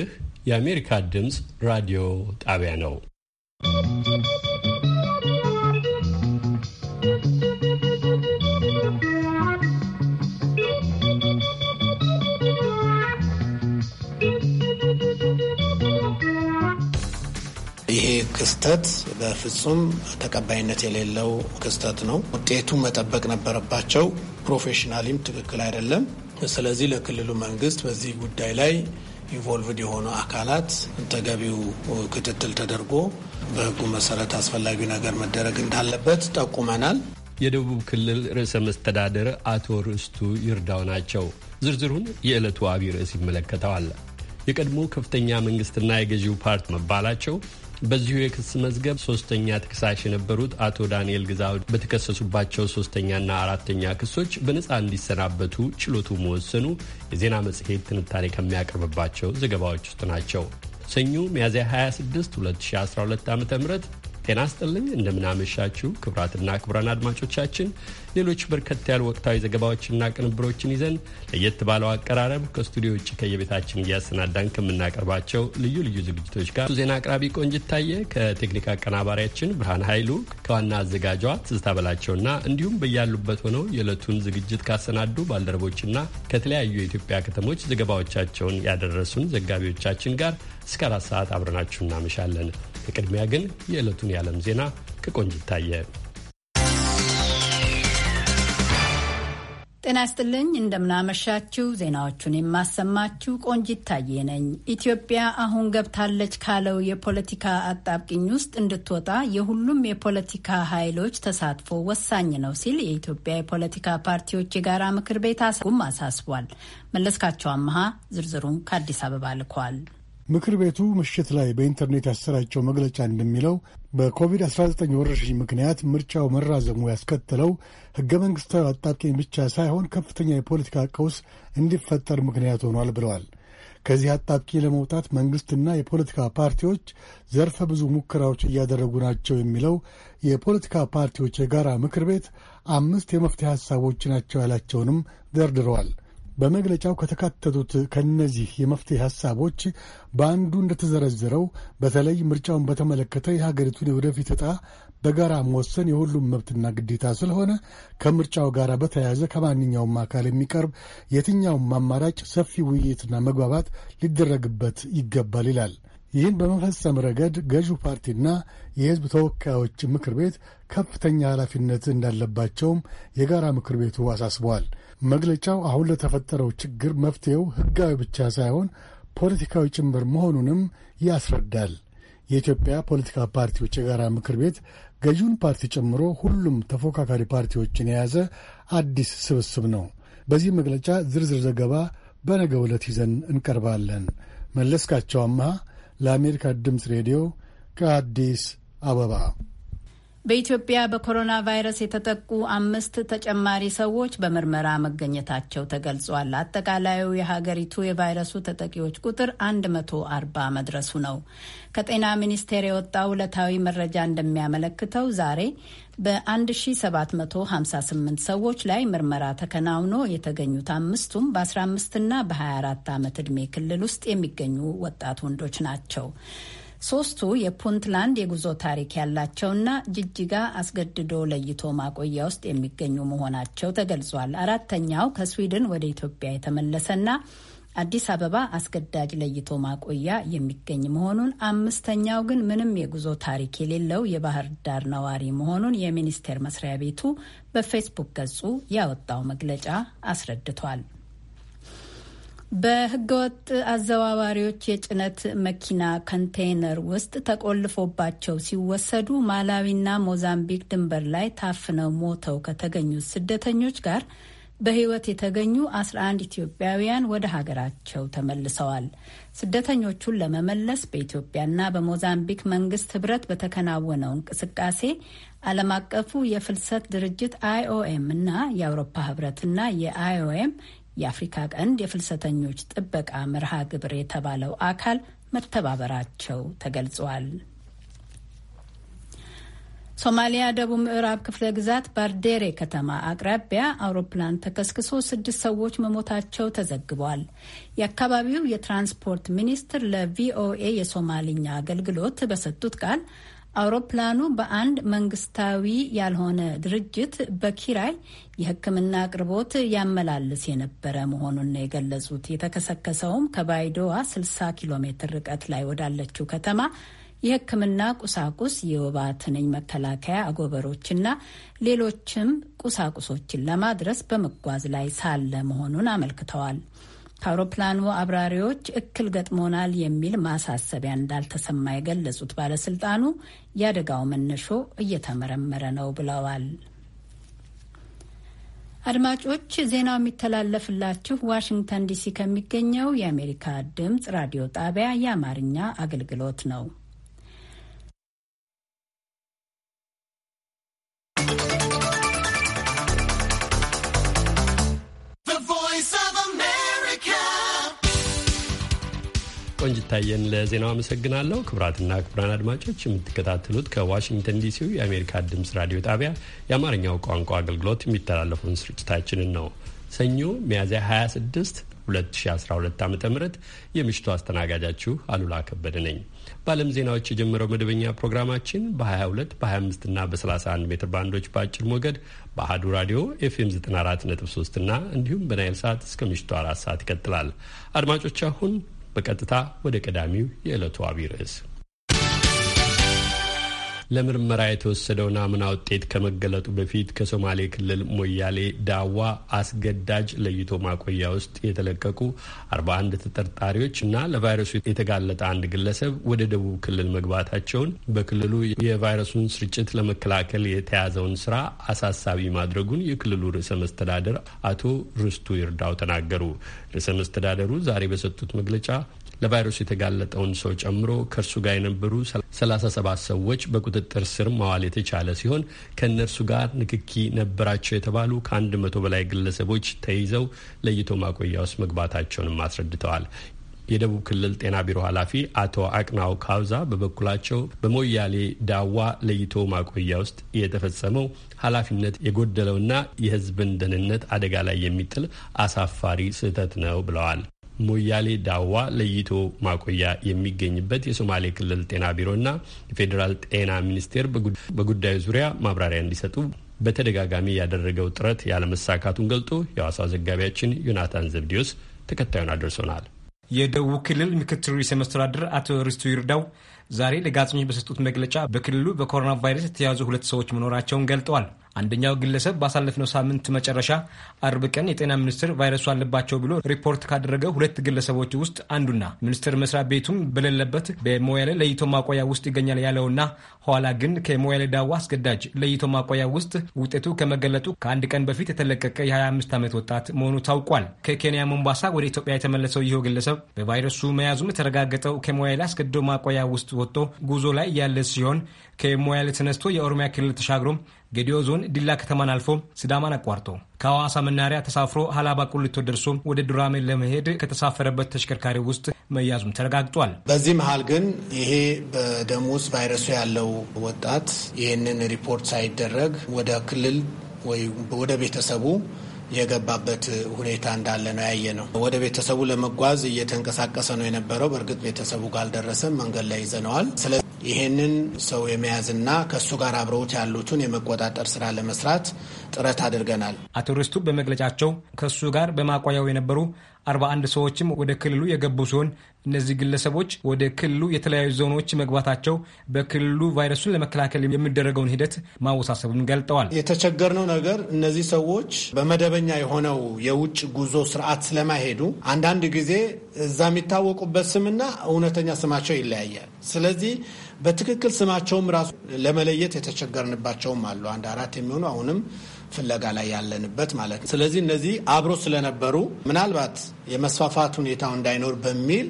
ይህ የአሜሪካ ድምፅ ራዲዮ ጣቢያ ነው። ይሄ ክስተት በፍጹም ተቀባይነት የሌለው ክስተት ነው። ውጤቱ መጠበቅ ነበረባቸው። ፕሮፌሽናሊም ትክክል አይደለም። ስለዚህ ለክልሉ መንግስት በዚህ ጉዳይ ላይ ኢንቮልቭድ የሆኑ አካላት ተገቢው ክትትል ተደርጎ በህጉ መሰረት አስፈላጊ ነገር መደረግ እንዳለበት ጠቁመናል። የደቡብ ክልል ርዕሰ መስተዳደር አቶ ርስቱ ይርዳው ናቸው። ዝርዝሩን የዕለቱ አቢይ ርዕስ ይመለከተዋል። የቀድሞ ከፍተኛ መንግስትና የገዢው ፓርቲ መባላቸው በዚሁ የክስ መዝገብ ሶስተኛ ተከሳሽ የነበሩት አቶ ዳንኤል ግዛው በተከሰሱባቸው ሶስተኛና አራተኛ ክሶች በነፃ እንዲሰናበቱ ችሎቱ መወሰኑ የዜና መጽሔት ትንታኔ ከሚያቀርብባቸው ዘገባዎች ውስጥ ናቸው። ሰኞ ሚያዝያ 26 2012 ዓ ም ጤና ስጥልኝ እንደምናመሻችሁ ክብራትና ክቡራን አድማጮቻችን ሌሎች በርከት ያሉ ወቅታዊ ዘገባዎችና ቅንብሮችን ይዘን ለየት ባለው አቀራረብ ከስቱዲዮ ውጭ ከየቤታችን እያሰናዳን ከምናቀርባቸው ልዩ ልዩ ዝግጅቶች ጋር ዜና አቅራቢ ቆንጅት ታየ ከቴክኒክ አቀናባሪያችን ብርሃን ኃይሉ ከዋና አዘጋጇ ትዝታ በላቸውና እንዲሁም በያሉበት ሆነው የዕለቱን ዝግጅት ካሰናዱ ባልደረቦችና ከተለያዩ የኢትዮጵያ ከተሞች ዘገባዎቻቸውን ያደረሱን ዘጋቢዎቻችን ጋር እስከ አራት ሰዓት አብረናችሁ እናመሻለን። በቅድሚያ ግን የዕለቱን የዓለም ዜና ከቆንጅ ይታየ። ጤና ይስጥልኝ። እንደምናመሻችው ዜናዎቹን የማሰማችሁ ቆንጅ ይታየ ነኝ። ኢትዮጵያ አሁን ገብታለች ካለው የፖለቲካ አጣብቂኝ ውስጥ እንድትወጣ የሁሉም የፖለቲካ ኃይሎች ተሳትፎ ወሳኝ ነው ሲል የኢትዮጵያ የፖለቲካ ፓርቲዎች የጋራ ምክር ቤት አሳስቧል። መለስካቸው አመሃ ዝርዝሩን ከአዲስ አበባ ልኳል። ምክር ቤቱ ምሽት ላይ በኢንተርኔት ያሰራጨው መግለጫ እንደሚለው በኮቪድ-19 ወረርሽኝ ምክንያት ምርጫው መራዘሙ ያስከተለው ሕገ መንግሥታዊ አጣብቂኝ ብቻ ሳይሆን ከፍተኛ የፖለቲካ ቀውስ እንዲፈጠር ምክንያት ሆኗል ብለዋል። ከዚህ አጣብቂኝ ለመውጣት መንግሥትና የፖለቲካ ፓርቲዎች ዘርፈ ብዙ ሙከራዎች እያደረጉ ናቸው የሚለው የፖለቲካ ፓርቲዎች የጋራ ምክር ቤት አምስት የመፍትሄ ሐሳቦች ናቸው ያላቸውንም ደርድረዋል። በመግለጫው ከተካተቱት ከእነዚህ የመፍትሄ ሀሳቦች በአንዱ እንደተዘረዘረው በተለይ ምርጫውን በተመለከተ የሀገሪቱን የወደፊት ዕጣ በጋራ መወሰን የሁሉም መብትና ግዴታ ስለሆነ ከምርጫው ጋር በተያያዘ ከማንኛውም አካል የሚቀርብ የትኛውም አማራጭ ሰፊ ውይይትና መግባባት ሊደረግበት ይገባል ይላል። ይህን በመፈጸም ረገድ ገዢው ፓርቲና የሕዝብ ተወካዮች ምክር ቤት ከፍተኛ ኃላፊነት እንዳለባቸውም የጋራ ምክር ቤቱ አሳስበዋል። መግለጫው አሁን ለተፈጠረው ችግር መፍትሄው ህጋዊ ብቻ ሳይሆን ፖለቲካዊ ጭምር መሆኑንም ያስረዳል። የኢትዮጵያ ፖለቲካ ፓርቲዎች የጋራ ምክር ቤት ገዢውን ፓርቲ ጨምሮ ሁሉም ተፎካካሪ ፓርቲዎችን የያዘ አዲስ ስብስብ ነው። በዚህ መግለጫ ዝርዝር ዘገባ በነገ ዕለት ይዘን እንቀርባለን። መለስካቸው አምሃ ለአሜሪካ ድምፅ ሬዲዮ ከአዲስ አበባ በኢትዮጵያ በኮሮና ቫይረስ የተጠቁ አምስት ተጨማሪ ሰዎች በምርመራ መገኘታቸው ተገልጿል። አጠቃላዩ የሀገሪቱ የቫይረሱ ተጠቂዎች ቁጥር 140 መድረሱ ነው። ከጤና ሚኒስቴር የወጣው ዕለታዊ መረጃ እንደሚያመለክተው ዛሬ በ1758 ሰዎች ላይ ምርመራ ተከናውኖ የተገኙት አምስቱም በ15ና በ24 ዓመት ዕድሜ ክልል ውስጥ የሚገኙ ወጣት ወንዶች ናቸው። ሶስቱ የፑንትላንድ የጉዞ ታሪክ ያላቸውና ጅጅጋ አስገድዶ ለይቶ ማቆያ ውስጥ የሚገኙ መሆናቸው ተገልጿል። አራተኛው ከስዊድን ወደ ኢትዮጵያ የተመለሰና አዲስ አበባ አስገዳጅ ለይቶ ማቆያ የሚገኝ መሆኑን፣ አምስተኛው ግን ምንም የጉዞ ታሪክ የሌለው የባህር ዳር ነዋሪ መሆኑን የሚኒስቴር መስሪያ ቤቱ በፌስቡክ ገጹ ያወጣው መግለጫ አስረድቷል። በህገወጥ አዘዋዋሪዎች የጭነት መኪና ኮንቴይነር ውስጥ ተቆልፎባቸው ሲወሰዱ ማላዊና ሞዛምቢክ ድንበር ላይ ታፍነው ሞተው ከተገኙት ስደተኞች ጋር በህይወት የተገኙ 11 ኢትዮጵያውያን ወደ ሀገራቸው ተመልሰዋል። ስደተኞቹን ለመመለስ በኢትዮጵያና በሞዛምቢክ መንግስት ህብረት በተከናወነው እንቅስቃሴ ዓለም አቀፉ የፍልሰት ድርጅት አይኦኤም እና የአውሮፓ ህብረትና የአይኦኤም የአፍሪካ ቀንድ የፍልሰተኞች ጥበቃ መርሃ ግብር የተባለው አካል መተባበራቸው ተገልጿል። ሶማሊያ ደቡብ ምዕራብ ክፍለ ግዛት ባርዴሬ ከተማ አቅራቢያ አውሮፕላን ተከስክሶ ስድስት ሰዎች መሞታቸው ተዘግቧል። የአካባቢው የትራንስፖርት ሚኒስትር ለቪኦኤ የሶማልኛ አገልግሎት በሰጡት ቃል አውሮፕላኑ በአንድ መንግስታዊ ያልሆነ ድርጅት በኪራይ የሕክምና አቅርቦት ያመላልስ የነበረ መሆኑን ነው የገለጹት። የተከሰከሰውም ከባይዶዋ 60 ኪሎ ሜትር ርቀት ላይ ወዳለችው ከተማ የሕክምና ቁሳቁስ፣ የወባ ትንኝ መከላከያ አጎበሮችና ሌሎችም ቁሳቁሶችን ለማድረስ በመጓዝ ላይ ሳለ መሆኑን አመልክተዋል። ከአውሮፕላኑ አብራሪዎች እክል ገጥሞናል የሚል ማሳሰቢያ እንዳልተሰማ የገለጹት ባለስልጣኑ የአደጋው መነሾ እየተመረመረ ነው ብለዋል። አድማጮች ዜናው የሚተላለፍላችሁ ዋሽንግተን ዲሲ ከሚገኘው የአሜሪካ ድምፅ ራዲዮ ጣቢያ የአማርኛ አገልግሎት ነው። ቆንጅታየን ለዜናው አመሰግናለሁ። ክቡራትና ክቡራን አድማጮች የምትከታተሉት ከዋሽንግተን ዲሲው የአሜሪካ ድምፅ ራዲዮ ጣቢያ የአማርኛው ቋንቋ አገልግሎት የሚተላለፈውን ስርጭታችንን ነው። ሰኞ ሚያዝያ 26 2012 ዓ ም የምሽቱ አስተናጋጃችሁ አሉላ ከበደ ነኝ። በዓለም ዜናዎች የጀመረው መደበኛ ፕሮግራማችን በ22 በ25 እና በ31 ሜትር ባንዶች በአጭር ሞገድ በአህዱ ራዲዮ ኤፍኤም 94.3 እና እንዲሁም በናይል ሰዓት እስከ ምሽቱ አራት ሰዓት ይቀጥላል። አድማጮች አሁን በቀጥታ ወደ ቀዳሚው የዕለቱ አቢይ ርዕስ ለምርመራ የተወሰደው ናሙና ውጤት ከመገለጡ በፊት ከሶማሌ ክልል ሞያሌ ዳዋ አስገዳጅ ለይቶ ማቆያ ውስጥ የተለቀቁ 41 ተጠርጣሪዎች እና ለቫይረሱ የተጋለጠ አንድ ግለሰብ ወደ ደቡብ ክልል መግባታቸውን በክልሉ የቫይረሱን ስርጭት ለመከላከል የተያዘውን ስራ አሳሳቢ ማድረጉን የክልሉ ርዕሰ መስተዳደር አቶ ርስቱ ይርዳው ተናገሩ። ርዕሰ መስተዳደሩ ዛሬ በሰጡት መግለጫ ለቫይረሱ የተጋለጠውን ሰው ጨምሮ ከእርሱ ጋር የነበሩ 37 ሰዎች በቁጥጥር ስር መዋል የተቻለ ሲሆን ከእነርሱ ጋር ንክኪ ነበራቸው የተባሉ ከአንድ መቶ በላይ ግለሰቦች ተይዘው ለይቶ ማቆያ ውስጥ መግባታቸውንም አስረድተዋል። የደቡብ ክልል ጤና ቢሮ ኃላፊ አቶ አቅናው ካውዛ በበኩላቸው በሞያሌ ዳዋ ለይቶ ማቆያ ውስጥ የተፈጸመው ኃላፊነት የጎደለውና የሕዝብን ደህንነት አደጋ ላይ የሚጥል አሳፋሪ ስህተት ነው ብለዋል። ሞያሌ ዳዋ ለይቶ ማቆያ የሚገኝበት የሶማሌ ክልል ጤና ቢሮና የፌዴራል ጤና ሚኒስቴር በጉዳዩ ዙሪያ ማብራሪያ እንዲሰጡ በተደጋጋሚ ያደረገው ጥረት ያለመሳካቱን ገልጦ የሐዋሳው ዘጋቢያችን ዮናታን ዘብዲዮስ ተከታዩን አድርሶናል። የደቡብ ክልል ምክትል ርዕሰ መስተዳድር አቶ ሪስቱ ይርዳው ዛሬ ለጋዜጠኞች በሰጡት መግለጫ በክልሉ በኮሮና ቫይረስ የተያዙ ሁለት ሰዎች መኖራቸውን ገልጠዋል። አንደኛው ግለሰብ ባሳለፍነው ሳምንት መጨረሻ አርብ ቀን የጤና ሚኒስቴር ቫይረሱ አለባቸው ብሎ ሪፖርት ካደረገ ሁለት ግለሰቦች ውስጥ አንዱና ሚኒስቴር መስሪያ ቤቱም በሌለበት በሞያሌ ለይቶ ማቆያ ውስጥ ይገኛል ያለውና ኋላ ግን ከሞያሌ ዳዋ አስገዳጅ ለይቶ ማቆያ ውስጥ ውጤቱ ከመገለጡ ከአንድ ቀን በፊት የተለቀቀ የ25 ዓመት ወጣት መሆኑ ታውቋል። ከኬንያ ሞምባሳ ወደ ኢትዮጵያ የተመለሰው ይኸው ግለሰብ በቫይረሱ መያዙም የተረጋገጠው ከሞያሌ አስገድዶ ማቆያ ውስጥ ወጥቶ ጉዞ ላይ ያለ ሲሆን ከሞያሌ ተነስቶ የኦሮሚያ ክልል ተሻግሮ ገዲዮ ዞን ዲላ ከተማን አልፎ ሲዳማን አቋርጦ ከሐዋሳ መናሪያ ተሳፍሮ ሀላባ ቁልቶ ደርሶ ወደ ዱራሜ ለመሄድ ከተሳፈረበት ተሽከርካሪ ውስጥ መያዙም ተረጋግጧል። በዚህ መሀል ግን ይሄ በደም ውስጥ ቫይረሱ ያለው ወጣት ይህንን ሪፖርት ሳይደረግ ወደ ክልል ወይ ወደ ቤተሰቡ የገባበት ሁኔታ እንዳለ ነው ያየ ነው። ወደ ቤተሰቡ ለመጓዝ እየተንቀሳቀሰ ነው የነበረው። በእርግጥ ቤተሰቡ ጋር አልደረሰም፣ መንገድ ላይ ይዘነዋል። ስለዚህ ይሄንን ሰው የመያዝና ከእሱ ጋር አብረውት ያሉትን የመቆጣጠር ስራ ለመስራት ጥረት አድርገናል። አቶ ርስቱ በመግለጫቸው ከእሱ ጋር በማቆያው የነበሩ 41 ሰዎችም ወደ ክልሉ የገቡ ሲሆን እነዚህ ግለሰቦች ወደ ክልሉ የተለያዩ ዞኖች መግባታቸው በክልሉ ቫይረሱን ለመከላከል የሚደረገውን ሂደት ማወሳሰቡን ገልጠዋል። የተቸገርነው ነገር እነዚህ ሰዎች በመደበኛ የሆነው የውጭ ጉዞ ስርዓት ስለማይሄዱ አንዳንድ ጊዜ እዛ የሚታወቁበት ስምና እውነተኛ ስማቸው ይለያያል። ስለዚህ በትክክል ስማቸውም ራሱ ለመለየት የተቸገርንባቸውም አሉ። አንድ አራት የሚሆኑ አሁንም ፍለጋ ላይ ያለንበት ማለት ነው። ስለዚህ እነዚህ አብሮ ስለነበሩ ምናልባት የመስፋፋት ሁኔታው እንዳይኖር በሚል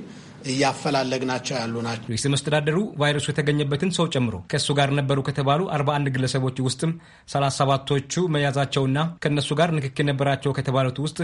እያፈላለግናቸው ያሉ ናቸው። ርዕሰ መስተዳደሩ ቫይረሱ የተገኘበትን ሰው ጨምሮ ከእሱ ጋር ነበሩ ከተባሉ 41 ግለሰቦች ውስጥም 37ቶቹ መያዛቸውና ከእነሱ ጋር ንክክ ነበራቸው ከተባሉት ውስጥ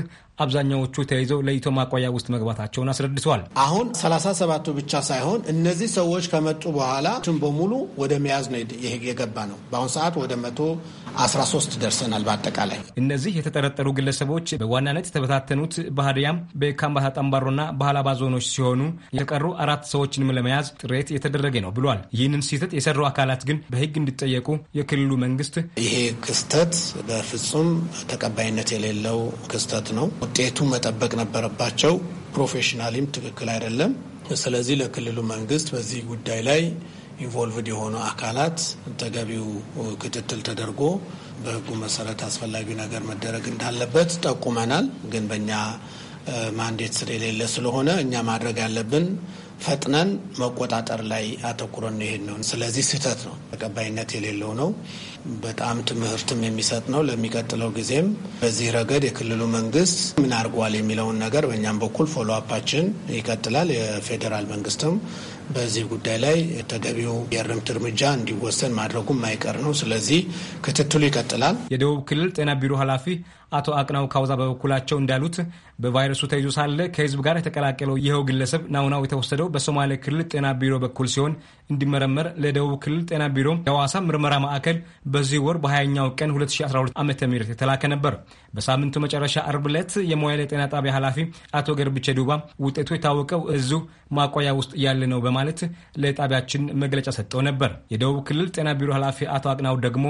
አብዛኛዎቹ ተይዘው ለይቶ ማቆያ ውስጥ መግባታቸውን አስረድተዋል። አሁን 37ቱ ብቻ ሳይሆን እነዚህ ሰዎች ከመጡ በኋላ ቱን በሙሉ ወደ መያዝ ነው የገባ ነው። በአሁን ሰዓት ወደ 113 ደርሰናል። በአጠቃላይ እነዚህ የተጠረጠሩ ግለሰቦች በዋናነት የተበታተኑት በሀዲያም በካምባታ ጠምባሮና በሀላባ ዞኖች ሲሆኑ የቀሩ አራት ሰዎችንም ለመያዝ ጥረት የተደረገ ነው ብሏል። ይህንን ስህተት የሰሩ አካላት ግን በህግ እንዲጠየቁ የክልሉ መንግስት ይሄ ክስተት በፍጹም ተቀባይነት የሌለው ክስተት ነው፣ ውጤቱ መጠበቅ ነበረባቸው፣ ፕሮፌሽናሊም ትክክል አይደለም። ስለዚህ ለክልሉ መንግስት በዚህ ጉዳይ ላይ ኢንቮልቭድ የሆኑ አካላት ተገቢው ክትትል ተደርጎ በህጉ መሰረት አስፈላጊው ነገር መደረግ እንዳለበት ጠቁመናል። ግን በእኛ ማንዴት ስለሌለ ስለሆነ እኛ ማድረግ ያለብን ፈጥነን መቆጣጠር ላይ አተኩረን ነው ይሄን ነው። ስለዚህ ስህተት ነው፣ ተቀባይነት የሌለው ነው። በጣም ትምህርትም የሚሰጥ ነው። ለሚቀጥለው ጊዜም በዚህ ረገድ የክልሉ መንግስት ምን አድርጓል የሚለውን ነገር በእኛም በኩል ፎሎ አፓችን ይቀጥላል። የፌዴራል መንግስትም በዚህ ጉዳይ ላይ ተገቢው የእርምት እርምጃ እንዲወሰን ማድረጉ ማይቀር ነው። ስለዚህ ክትትሉ ይቀጥላል። የደቡብ ክልል ጤና ቢሮ ኃላፊ አቶ አቅናው ካውዛ በበኩላቸው እንዳሉት በቫይረሱ ተይዞ ሳለ ከህዝብ ጋር የተቀላቀለው ይኸው ግለሰብ ናውናው የተወሰደው በሶማሌ ክልል ጤና ቢሮ በኩል ሲሆን እንዲመረመር ለደቡብ ክልል ጤና ቢሮ የሐዋሳ ምርመራ ማዕከል በዚህ ወር በ20ኛው ቀን 2012 ዓ ም የተላከ ነበር። በሳምንቱ መጨረሻ አርብ ዕለት የሞያሌ ጤና ጣቢያ ኃላፊ አቶ ገርብቼ ዱባ ውጤቱ የታወቀው እዙ ማቆያ ውስጥ ያለ ነው በማለት ለጣቢያችን መግለጫ ሰጠው ነበር። የደቡብ ክልል ጤና ቢሮ ኃላፊ አቶ አቅናው ደግሞ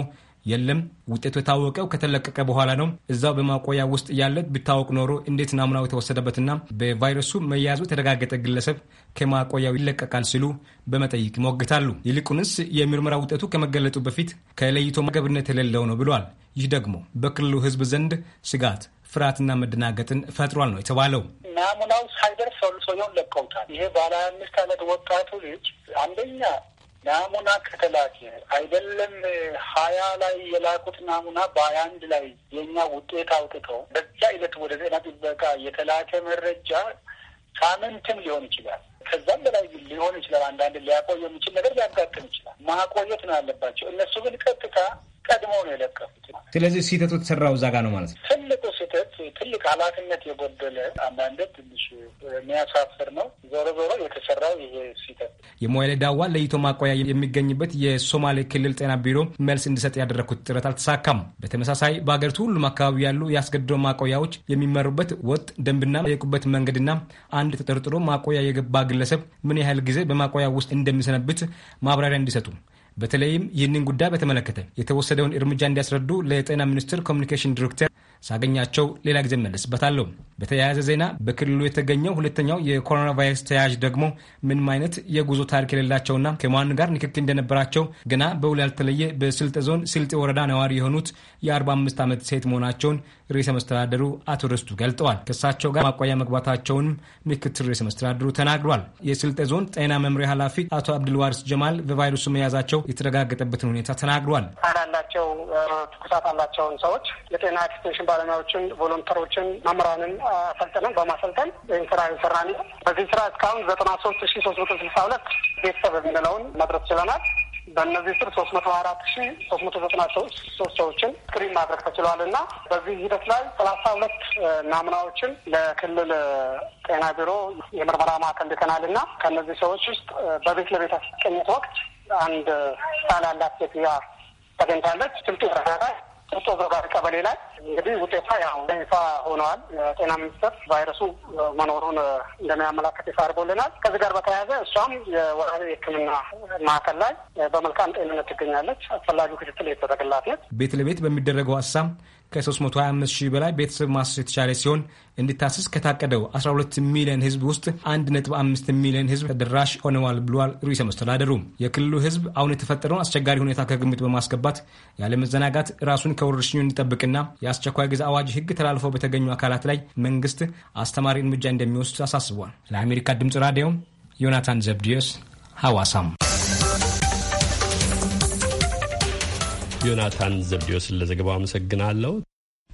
የለም ውጤቱ የታወቀው ከተለቀቀ በኋላ ነው። እዛው በማቆያ ውስጥ ያለ ብታወቅ ኖሮ እንዴት ናሙናው የተወሰደበትና በቫይረሱ መያዙ የተረጋገጠ ግለሰብ ከማቆያው ይለቀቃል ሲሉ በመጠይቅ ይሞግታሉ። ይልቁንስ የምርመራ ውጤቱ ከመገለጡ በፊት ከለይቶ ማገብነት የሌለው ነው ብሏል። ይህ ደግሞ በክልሉ ሕዝብ ዘንድ ስጋት ፍርሃትና መደናገጥን ፈጥሯል ነው የተባለው። ናሙናው ሳይደርስ ሰው ሰውየውን ለቀውታል። ይሄ ባለ አምስት ዓመት ወጣቱ ልጅ አንደኛ ናሙና ከተላከ አይደለም ሀያ ላይ የላኩት ናሙና በሀያ አንድ ላይ የእኛ ውጤት አውጥተው በዛ አይነት ወደ ጤና ጥበቃ የተላከ መረጃ ሳምንትም ሊሆን ይችላል፣ ከዛም በላይ ሊሆን ይችላል። አንዳንድ ሊያቆየ የሚችል ነገር ሊያጋጥም ይችላል። ማቆየት ነው ያለባቸው። እነሱ ግን ቀጥታ ቀድሞ ነው የለቀፉት። ስለዚህ ስህተቱ የተሰራው እዛ ጋ ነው ማለት ነው። ትልቁ ስህተት ትልቅ ኃላፊነት የጎደለ አንዳንድ ትንሽ የሚያሳፍር ነው። ዞሮ ዞሮ የተሰራው ይሄ ስህተት የሞያሌ ዳዋ ለይቶ ማቆያ የሚገኝበት የሶማሌ ክልል ጤና ቢሮ መልስ እንዲሰጥ ያደረግኩት ጥረት አልተሳካም። በተመሳሳይ በሀገሪቱ ሁሉም አካባቢ ያሉ የአስገድዶ ማቆያዎች የሚመሩበት ወጥ ደንብና የቁበት መንገድና አንድ ተጠርጥሮ ማቆያ የገባ ግለሰብ ምን ያህል ጊዜ በማቆያ ውስጥ እንደሚሰነብት ማብራሪያ እንዲሰጡ በተለይም ይህንን ጉዳይ በተመለከተ የተወሰደውን እርምጃ እንዲያስረዱ ለጤና ሚኒስትር ኮሚኒኬሽን ዲሬክተር ሳገኛቸው ሌላ ጊዜ መለስበታለሁ። በተያያዘ ዜና በክልሉ የተገኘው ሁለተኛው የኮሮና ቫይረስ ተያያዥ ደግሞ ምንም አይነት የጉዞ ታሪክ የሌላቸውና ከማን ጋር ንክክል እንደነበራቸው ገና በውል ያልተለየ በስልጤ ዞን ስልጤ ወረዳ ነዋሪ የሆኑት የ45 ዓመት ሴት መሆናቸውን ርዕሰ መስተዳደሩ አቶ ርስቱ ገልጠዋል። ከእሳቸው ጋር ማቋያ መግባታቸውንም ምክትል ርዕሰ መስተዳደሩ ተናግሯል። የስልጤ ዞን ጤና መምሪያ ኃላፊ አቶ አብድልዋሪስ ጀማል በቫይረሱ መያዛቸው የተረጋገጠበትን ሁኔታ ተናግሯል። ታላላቸው ትኩሳት አላቸውን ሰዎች የጤና ኤክስቴንሽን ባለሙያዎችን፣ ቮሎንተሮችን፣ መምህራንን አሰልጥነን በማሰልጠን ይህን ስራ የሰራን በዚህ ስራ እስካሁን ዘጠና ሶስት ሺ ሶስት መቶ ስልሳ ሁለት ቤተሰብ የምንለውን መድረስ ችለናል። በእነዚህ ስር ሶስት መቶ አራት ሺ ሶስት መቶ ዘጠና ሶስት ሰዎችን ስክሪን ማድረግ ተችሏል እና በዚህ ሂደት ላይ ሰላሳ ሁለት ናሙናዎችን ለክልል ጤና ቢሮ የምርመራ ማዕከል ልከናል እና ከእነዚህ ሰዎች ውስጥ በቤት ለቤት አስቀኝት ወቅት አንድ ሳል ያላት ሴትያ ተገኝታለች። ስልጡ ረዳታ ጥጦ ዘባር ቀበሌ ላይ እንግዲህ ውጤቷ ያው ይፋ ሆነዋል። የጤና ሚኒስቴር ቫይረሱ መኖሩን እንደሚያመላክት ይፋ አድርጎልናል። ከዚህ ጋር በተያያዘ እሷም የወራቤ ሕክምና ማዕከል ላይ በመልካም ጤንነት ትገኛለች። አስፈላጊው ክትትል የተደረገላት ነች። ቤት ለቤት በሚደረገው ሀሳብ ከ325 ሺህ በላይ ቤተሰብ ማሰስ የተቻለ ሲሆን እንዲታሰስ ከታቀደው 12 ሚሊዮን ህዝብ ውስጥ 1.5 ሚሊዮን ህዝብ ተደራሽ ሆነዋል ብሏል ርዕሰ መስተዳደሩ። የክልሉ ህዝብ አሁን የተፈጠረውን አስቸጋሪ ሁኔታ ከግምት በማስገባት ያለመዘናጋት ራሱን ከወረርሽኙ እንዲጠብቅና የአስቸኳይ ጊዜ አዋጅ ህግ ተላልፈው በተገኙ አካላት ላይ መንግስት አስተማሪ እርምጃ እንደሚወስድ አሳስቧል። ለአሜሪካ ድምፅ ራዲዮ ዮናታን ዘብዲዮስ ሐዋሳም ዮናታን ዘብዲዮስን ለዘገባው አመሰግናለሁ።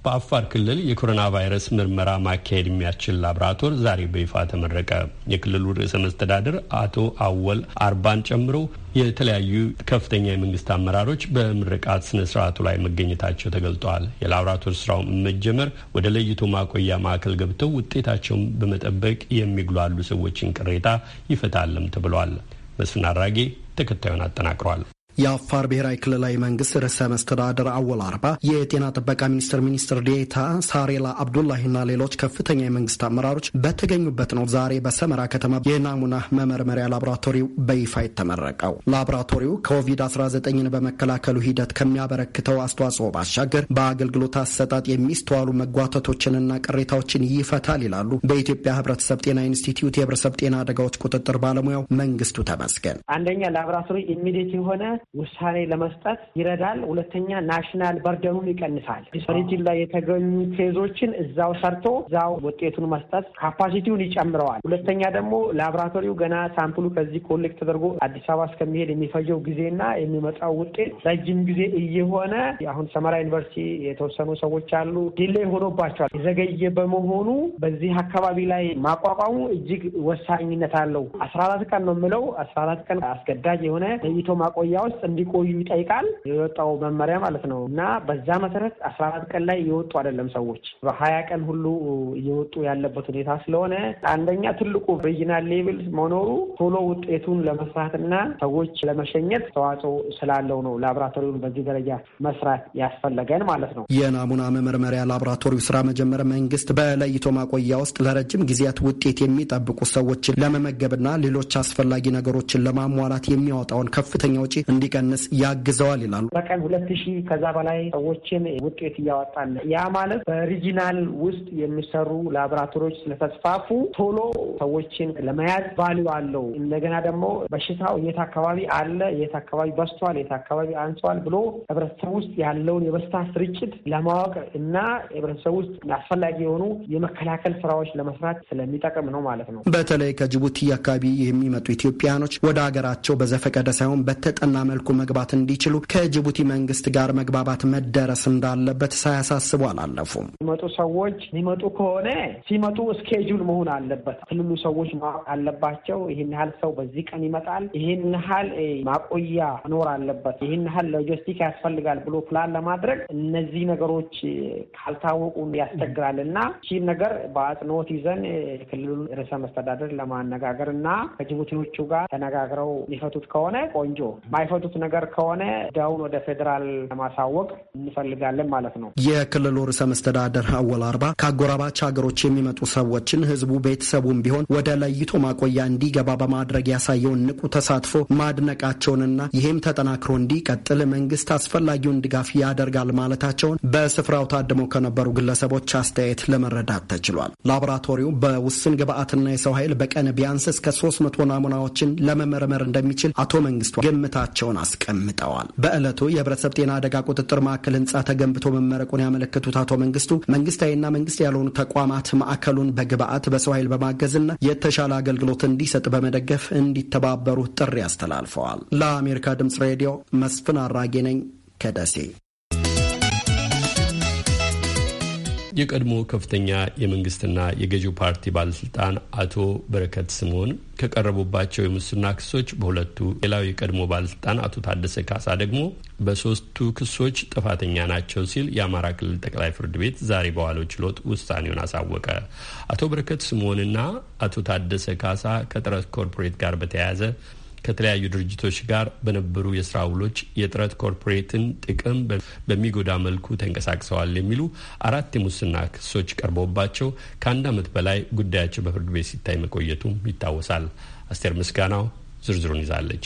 በአፋር ክልል የኮሮና ቫይረስ ምርመራ ማካሄድ የሚያስችል ላብራቶር ዛሬ በይፋ ተመረቀ። የክልሉ ርዕሰ መስተዳድር አቶ አወል አርባን ጨምሮ የተለያዩ ከፍተኛ የመንግስት አመራሮች በምርቃት ስነ ስርዓቱ ላይ መገኘታቸው ተገልጠዋል። የላብራቶር ስራው መጀመር ወደ ለይቶ ማቆያ ማዕከል ገብተው ውጤታቸውን በመጠበቅ የሚጉላሉ ሰዎችን ቅሬታ ይፈታልም ተብሏል። መስፍን አራጌ ተከታዩን አጠናቅሯል። የአፋር ብሔራዊ ክልላዊ መንግስት ርዕሰ መስተዳደር አወል አርባ የጤና ጥበቃ ሚኒስቴር ሚኒስትር ዴታ ሳሬላ አብዱላሂና ሌሎች ከፍተኛ የመንግስት አመራሮች በተገኙበት ነው ዛሬ በሰመራ ከተማ የናሙና መመርመሪያ ላቦራቶሪው በይፋ የተመረቀው። ላቦራቶሪው ኮቪድ-19ን በመከላከሉ ሂደት ከሚያበረክተው አስተዋጽኦ ባሻገር በአገልግሎት አሰጣጥ የሚስተዋሉ መጓተቶችንና ቅሬታዎችን ይፈታል ይላሉ በኢትዮጵያ ህብረተሰብ ጤና ኢንስቲትዩት የህብረተሰብ ጤና አደጋዎች ቁጥጥር ባለሙያው መንግስቱ ተመስገን። አንደኛ ላቦራቶሪ ኢሚዲየት የሆነ ውሳኔ ለመስጠት ይረዳል። ሁለተኛ ናሽናል በርደኑን ይቀንሳል። ዲስፐሪቲ ላይ የተገኙ ኬዞችን እዛው ሰርቶ እዛው ውጤቱን መስጠት ካፓሲቲውን ይጨምረዋል። ሁለተኛ ደግሞ ላቦራቶሪው ገና ሳምፕሉ ከዚህ ኮሌክት ተደርጎ አዲስ አበባ እስከሚሄድ የሚፈጀው ጊዜና የሚመጣው ውጤት ረጅም ጊዜ እየሆነ አሁን ሰመራ ዩኒቨርሲቲ የተወሰኑ ሰዎች አሉ ዲሌ ሆኖባቸዋል። የዘገየ በመሆኑ በዚህ አካባቢ ላይ ማቋቋሙ እጅግ ወሳኝነት አለው። አስራ አራት ቀን ነው የምለው አስራ አራት ቀን አስገዳጅ የሆነ ለይቶ ማቆያ ውስጥ እንዲቆዩ ይጠይቃል የወጣው መመሪያ ማለት ነው። እና በዛ መሰረት አስራ አራት ቀን ላይ እየወጡ አይደለም ሰዎች በሀያ ቀን ሁሉ እየወጡ ያለበት ሁኔታ ስለሆነ አንደኛ ትልቁ ሪጂናል ሌብል መኖሩ ቶሎ ውጤቱን ለመስራትና ሰዎች ለመሸኘት ተዋጽኦ ስላለው ነው ላቦራቶሪውን በዚህ ደረጃ መስራት ያስፈለገን ማለት ነው። የናሙና መመርመሪያ ላቦራቶሪው ስራ መጀመር መንግስት በለይቶ ማቆያ ውስጥ ለረጅም ጊዜያት ውጤት የሚጠብቁ ሰዎችን ለመመገብና ሌሎች አስፈላጊ ነገሮችን ለማሟላት የሚያወጣውን ከፍተኛ ውጪ እንዲቀንስ ያግዘዋል ይላሉ። በቀን ሁለት ሺህ ከዛ በላይ ሰዎችን ውጤት እያወጣን ያ ማለት በሪጂናል ውስጥ የሚሰሩ ላቦራቶሪዎች ስለተስፋፉ ቶሎ ሰዎችን ለመያዝ ቫሊዩ አለው። እንደገና ደግሞ በሽታው የት አካባቢ አለ፣ የት አካባቢ በስቷል፣ የት አካባቢ አንሷል ብሎ ህብረተሰብ ውስጥ ያለውን የበሽታ ስርጭት ለማወቅ እና ህብረተሰብ ውስጥ አስፈላጊ የሆኑ የመከላከል ስራዎች ለመስራት ስለሚጠቅም ነው ማለት ነው። በተለይ ከጅቡቲ አካባቢ የሚመጡ ኢትዮጵያኖች ወደ ሀገራቸው በዘፈቀደ ሳይሆን በተጠና መልኩ መግባት እንዲችሉ ከጅቡቲ መንግስት ጋር መግባባት መደረስ እንዳለበት ሳያሳስቡ አላለፉም። የሚመጡ ሰዎች የሚመጡ ከሆነ ሲመጡ እስኬጁል መሆን አለበት። ክልሉ ሰዎች ማወቅ አለባቸው። ይህን ያህል ሰው በዚህ ቀን ይመጣል፣ ይህን ያህል ማቆያ መኖር አለበት፣ ይህን ያህል ሎጂስቲክ ያስፈልጋል ብሎ ፕላን ለማድረግ እነዚህ ነገሮች ካልታወቁ ያስቸግራል እና ይህን ነገር በአጽንኦት ይዘን የክልሉ ርዕሰ መስተዳደር ለማነጋገር እና ከጅቡቲዎቹ ጋር ተነጋግረው የሚፈቱት ከሆነ ቆንጆ ማይፈቱ የሚመለከቱት ነገር ከሆነ ዳውን ወደ ፌዴራል ለማሳወቅ እንፈልጋለን ማለት ነው። የክልሉ ርዕሰ መስተዳደር አወል አርባ ከአጎራባች ሀገሮች የሚመጡ ሰዎችን ህዝቡ ቤተሰቡም ቢሆን ወደ ለይቶ ማቆያ እንዲገባ በማድረግ ያሳየውን ንቁ ተሳትፎ ማድነቃቸውንና ይህም ተጠናክሮ እንዲቀጥል መንግስት አስፈላጊውን ድጋፍ ያደርጋል ማለታቸውን በስፍራው ታድመው ከነበሩ ግለሰቦች አስተያየት ለመረዳት ተችሏል። ላቦራቶሪው በውስን ግብአትና የሰው ኃይል በቀን ቢያንስ እስከ ሶስት መቶ ናሙናዎችን ለመመርመር እንደሚችል አቶ መንግስቱ ግምታቸውን መግለጫቸውን አስቀምጠዋል። በዕለቱ የህብረተሰብ ጤና አደጋ ቁጥጥር ማዕከል ህንፃ ተገንብቶ መመረቁን ያመለከቱት አቶ መንግስቱ መንግስታዊና መንግስት ያልሆኑ ተቋማት ማዕከሉን በግብአት በሰው ኃይል በማገዝና የተሻለ አገልግሎት እንዲሰጥ በመደገፍ እንዲተባበሩ ጥሪ አስተላልፈዋል። ለአሜሪካ ድምጽ ሬዲዮ መስፍን አራጌ ነኝ ከደሴ የቀድሞ ከፍተኛ የመንግስትና የገዢው ፓርቲ ባለስልጣን አቶ በረከት ስምኦን ከቀረቡባቸው የሙስና ክሶች በሁለቱ፣ ሌላው የቀድሞ ባለስልጣን አቶ ታደሰ ካሳ ደግሞ በሶስቱ ክሶች ጥፋተኛ ናቸው ሲል የአማራ ክልል ጠቅላይ ፍርድ ቤት ዛሬ በዋለው ችሎት ውሳኔውን አሳወቀ። አቶ በረከት ስምኦንና አቶ ታደሰ ካሳ ከጥረት ኮርፖሬት ጋር በተያያዘ ከተለያዩ ድርጅቶች ጋር በነበሩ የስራ ውሎች የጥረት ኮርፖሬትን ጥቅም በሚጎዳ መልኩ ተንቀሳቅሰዋል የሚሉ አራት የሙስና ክሶች ቀርበውባቸው ከአንድ ዓመት በላይ ጉዳያቸው በፍርድ ቤት ሲታይ መቆየቱም ይታወሳል። አስቴር ምስጋናው ዝርዝሩን ይዛለች።